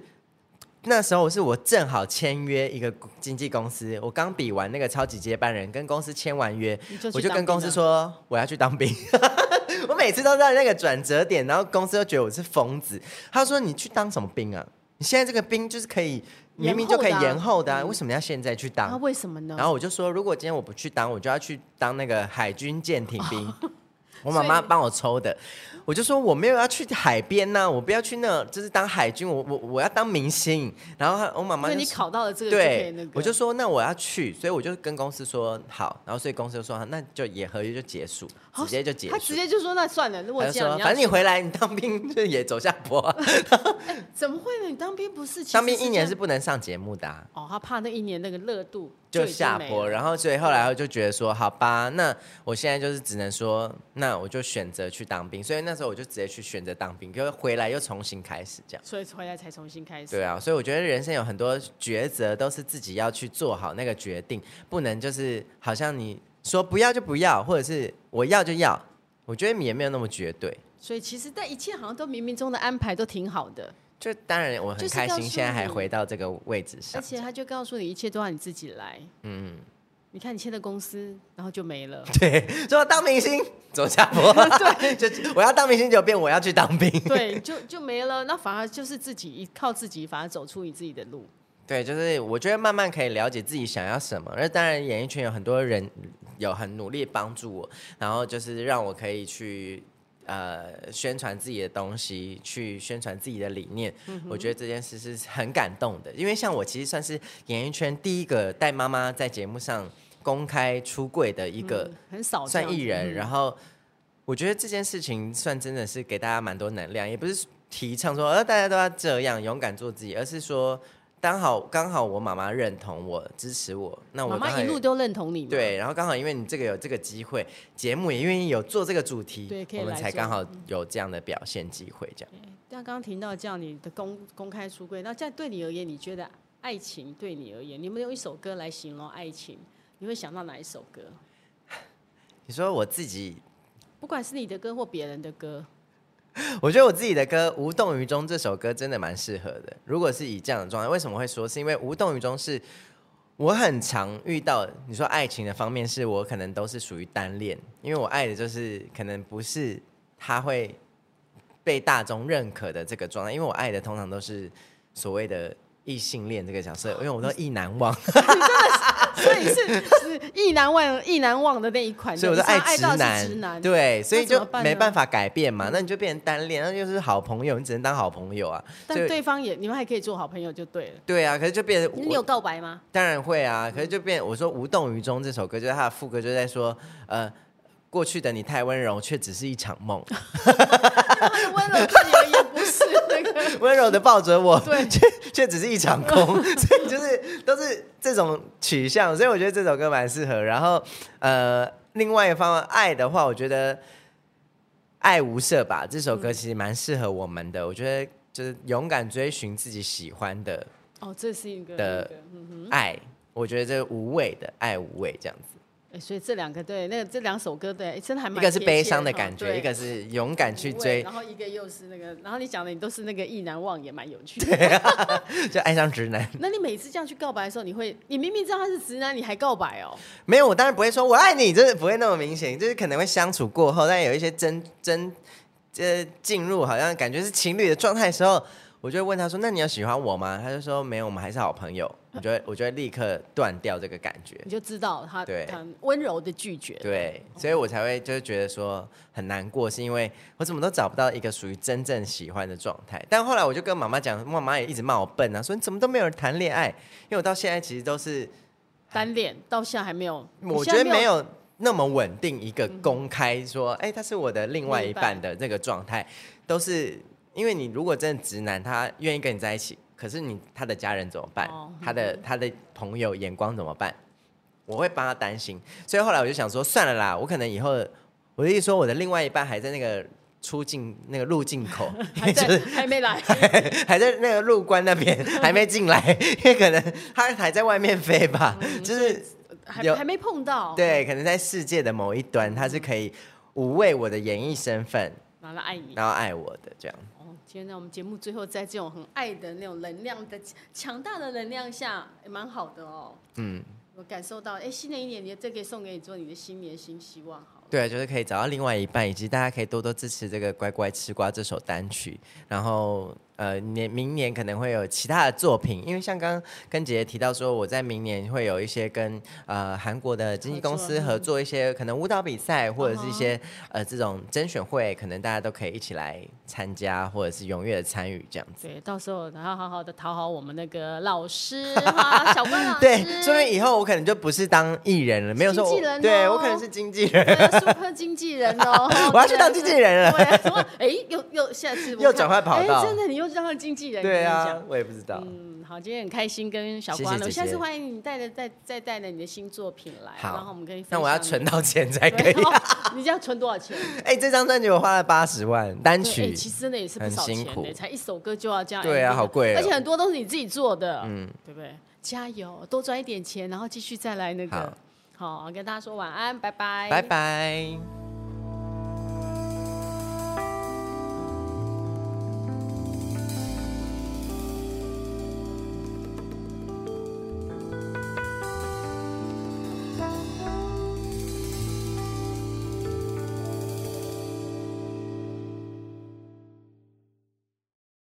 那時候是我正好簽約一個經紀公司，我剛比完那個超級接班人，跟公司簽完約，我就跟公司說我要去當兵。 我每次都在那個轉折點，然後公司都覺得我是瘋子。他說：“你去當什麼兵啊？你現在這個兵就是可以，明明就可以延後的啊，嗯，為什麼要現在去當？啊，為什麼呢？”然後我就說：“如果今天我不去當，我就要去當那個海軍艦艇兵。 ”我媽媽幫我抽的，我就說我沒有要去海邊吶、啊，我不要去那，就是當海軍，我我我要當明星。然後我媽媽說，你考到了這個、那個、對，我就說那我要去，所以我就跟公司說好，然後所以公司就說那就也合約就結束、哦，直接就結束。他直接就說那算了，如果說反正你回來你當兵就也走下坡、 欸，怎麼會呢？你當兵不是當兵一年是不能上節目的、啊、哦，他怕那一年那個熱度就,就下坡，然後所以後來我就覺得說好吧，那我現在就是只能說那。我就選擇去當兵，所以那時候我就直接去選擇當兵，可是回來又重新開始這樣。所以回來才重新開始。對啊，所以我覺得人生有很多抉擇，都是自己要去做好那個決定，不能就是好像你說不要就不要，或者是我要就要。我覺得你也沒有那麼絕對。所以其實，在一切好像都冥冥中的安排都挺好的。就當然我很開心，現在還回到這個位置上，而且他就告訴你，一切都讓你自己來。嗯。你看，你簽的公司，然後就沒了。對，說當明星走下坡。家 對，就我要當明星，就變我要去當兵。對，就就沒了，那反而就是自己靠自己，反而走出你自己的路。對，就是我覺得慢慢可以了解自己想要什麼。那當然，演藝圈有很多人有很努力幫助我，然後就是讓我可以去。呃，宣傳自己的東西，去宣傳自己的理念、嗯，我覺得這件事是很感動的。因為像我，其實算是演藝圈第一個帶媽媽在節目上公開出櫃的一個、嗯、很少算藝人。然後我覺得這件事情算真的是給大家蠻多能量，也不是提倡說呃大家都要這樣勇敢做自己，而是說。剛好剛好，我媽媽認同我，支持我。那我媽一路都認同你。對，然後剛好因為你這個有這個機會，節目也因為你有做這個主題，我們才剛好有這樣的表現機會。這樣。剛、嗯、剛聽到這樣你的公公開出櫃，那現在對你而言，你覺得愛情對你而言，你有沒有用一首歌來形容愛情，你會想到哪一首歌？ 你說我自己，不管是你的歌或別人的歌。我覺得我自己的歌《無動於衷》這首歌真的蠻適合的。如果是以這樣的狀態，為什麼會說？是因為《無動於衷》是我很常遇到。你說愛情的方面，是我可能都是屬於單戀，因為我愛的就是可能不是他會被大眾認可的這個狀態。因為我愛的通常都是所謂的。異性戀這個角色，因為我是意難忘，哦、 你真的是，所以是是意難忘意難忘的那一款，所以我說愛直男，直男對，所以就沒辦法改變嘛，那，那你就變成單戀，那就是好朋友，你只能當好朋友啊。但對方也你們還可以做好朋友就對了。對啊，可是就變成你有告白嗎？當然會啊，可是就變我說無動於衷這首歌，就是他的副歌就在說，呃，過去的你太溫柔，卻只是一場夢。溫柔自己也不是。 溫 柔的抱着我，對，卻卻只是一場空， 所以就是都是這種取向，所以我覺得這首歌蠻適合。然後，呃，另外一方面，愛的話，我覺得愛無色吧，這首歌其實蠻適合我們的。嗯、我覺得就是勇敢追尋自己喜歡的哦，這是一個的愛個、嗯哼，我覺得這無畏的愛無畏這樣子。所以這兩個對，那個這兩首歌對，真的還蠻。一個是悲傷的感覺，一個是勇敢去追，然後一個又是那個，然後你講的你都是那個意難忘，也蠻有趣的。對啊。就愛上直男。 那你每次這樣去告白的時候，你會，你明明知道他是直男，你還告白哦、喔？沒有，我當然不會說“我愛你”，真、就、的、是、不會那麼明顯，就是可能會相處過後，但有一些真真這進、呃、入，好像感覺是情侶的狀態的時候。我就問他說：“那你有喜歡我嗎？”他就說：“沒有，我們還是好朋友。”我就會，我覺得，我覺得立刻斷掉這個感覺。你就知道他，對，他很溫柔的拒絕。對，所以我才會就是覺得說很難過，是因為我怎麼都找不到一個屬於真正喜歡的狀態。但後來我就跟媽媽講，媽媽也一直罵我笨啊，說你怎麼都沒有人談戀愛。因為我到現在其實都是單戀，到現在還沒有。我覺得沒有那麼穩定一個公開說：“哎，他是我的另外一半”的這個狀態，都是。因為你如果真的直男，他願意跟你在一起，可是你他的家人怎麼辦？哦、他的、嗯、他的朋友眼光怎麼辦？我會幫他擔心，所以後來我就想說，算了啦，我可能以後，我就一說我的另外一半還在那個出境那個入境口，還在、就是、還沒來還，還在那個入關那邊、嗯、還沒進來，因為可能他還在外面飛吧，嗯、就是有還，還沒碰到，對，可能在世界的某一端，他是可以無畏我的演藝身份，嗯、然後愛你，然後愛我的這樣。今天在我們節目最後，在這種很愛的那種能量的強大的能量下，也、欸、蠻好的哦、喔。嗯，我感受到，哎、欸，新的一年，你這可以送給你，做你的新年新希望，好。對、啊，就是可以找到另外一半，以及大家可以多多支持這個《乖乖吃瓜》這首單曲，然後。呃，年、明年可能會有其他的作品，因為像剛剛跟姐姐提到說，我在明年會有一些跟呃韓國的經紀公司合作一些作、嗯、可能舞蹈比賽或者是一些、uh -huh. 呃，這種甄選會，可能大家都可以一起來參加或者是踴躍的參與這樣子。對，到時候然要好好的討好我們那個老師啊， 小關老師。對，說不定以後我可能就不是當藝人了，經紀人哦、沒有說我對我可能是經紀人 super 經紀人哦， 我要去當經紀人了。哎，又又下次又轉換跑道，真的你又。讓經紀人對啊你你，我也不知道。嗯，好，今天很開心跟小瓜。謝謝姐姐，我下次歡迎你帶着再再帶着你的新作品來、啊好，然後我們可以，那我要存到錢才可以、啊。 你這樣存多少錢？哎、 欸，這張專輯我花了八十萬單曲、欸，其實那也是不少錢，很辛苦、欸，才一首歌就要這樣。對啊，好貴、哦，而且很多都是你自己做的，嗯，對不對？加油，多賺一點錢，然後繼續再來那個好。好，跟大家說晚安，拜拜，拜拜。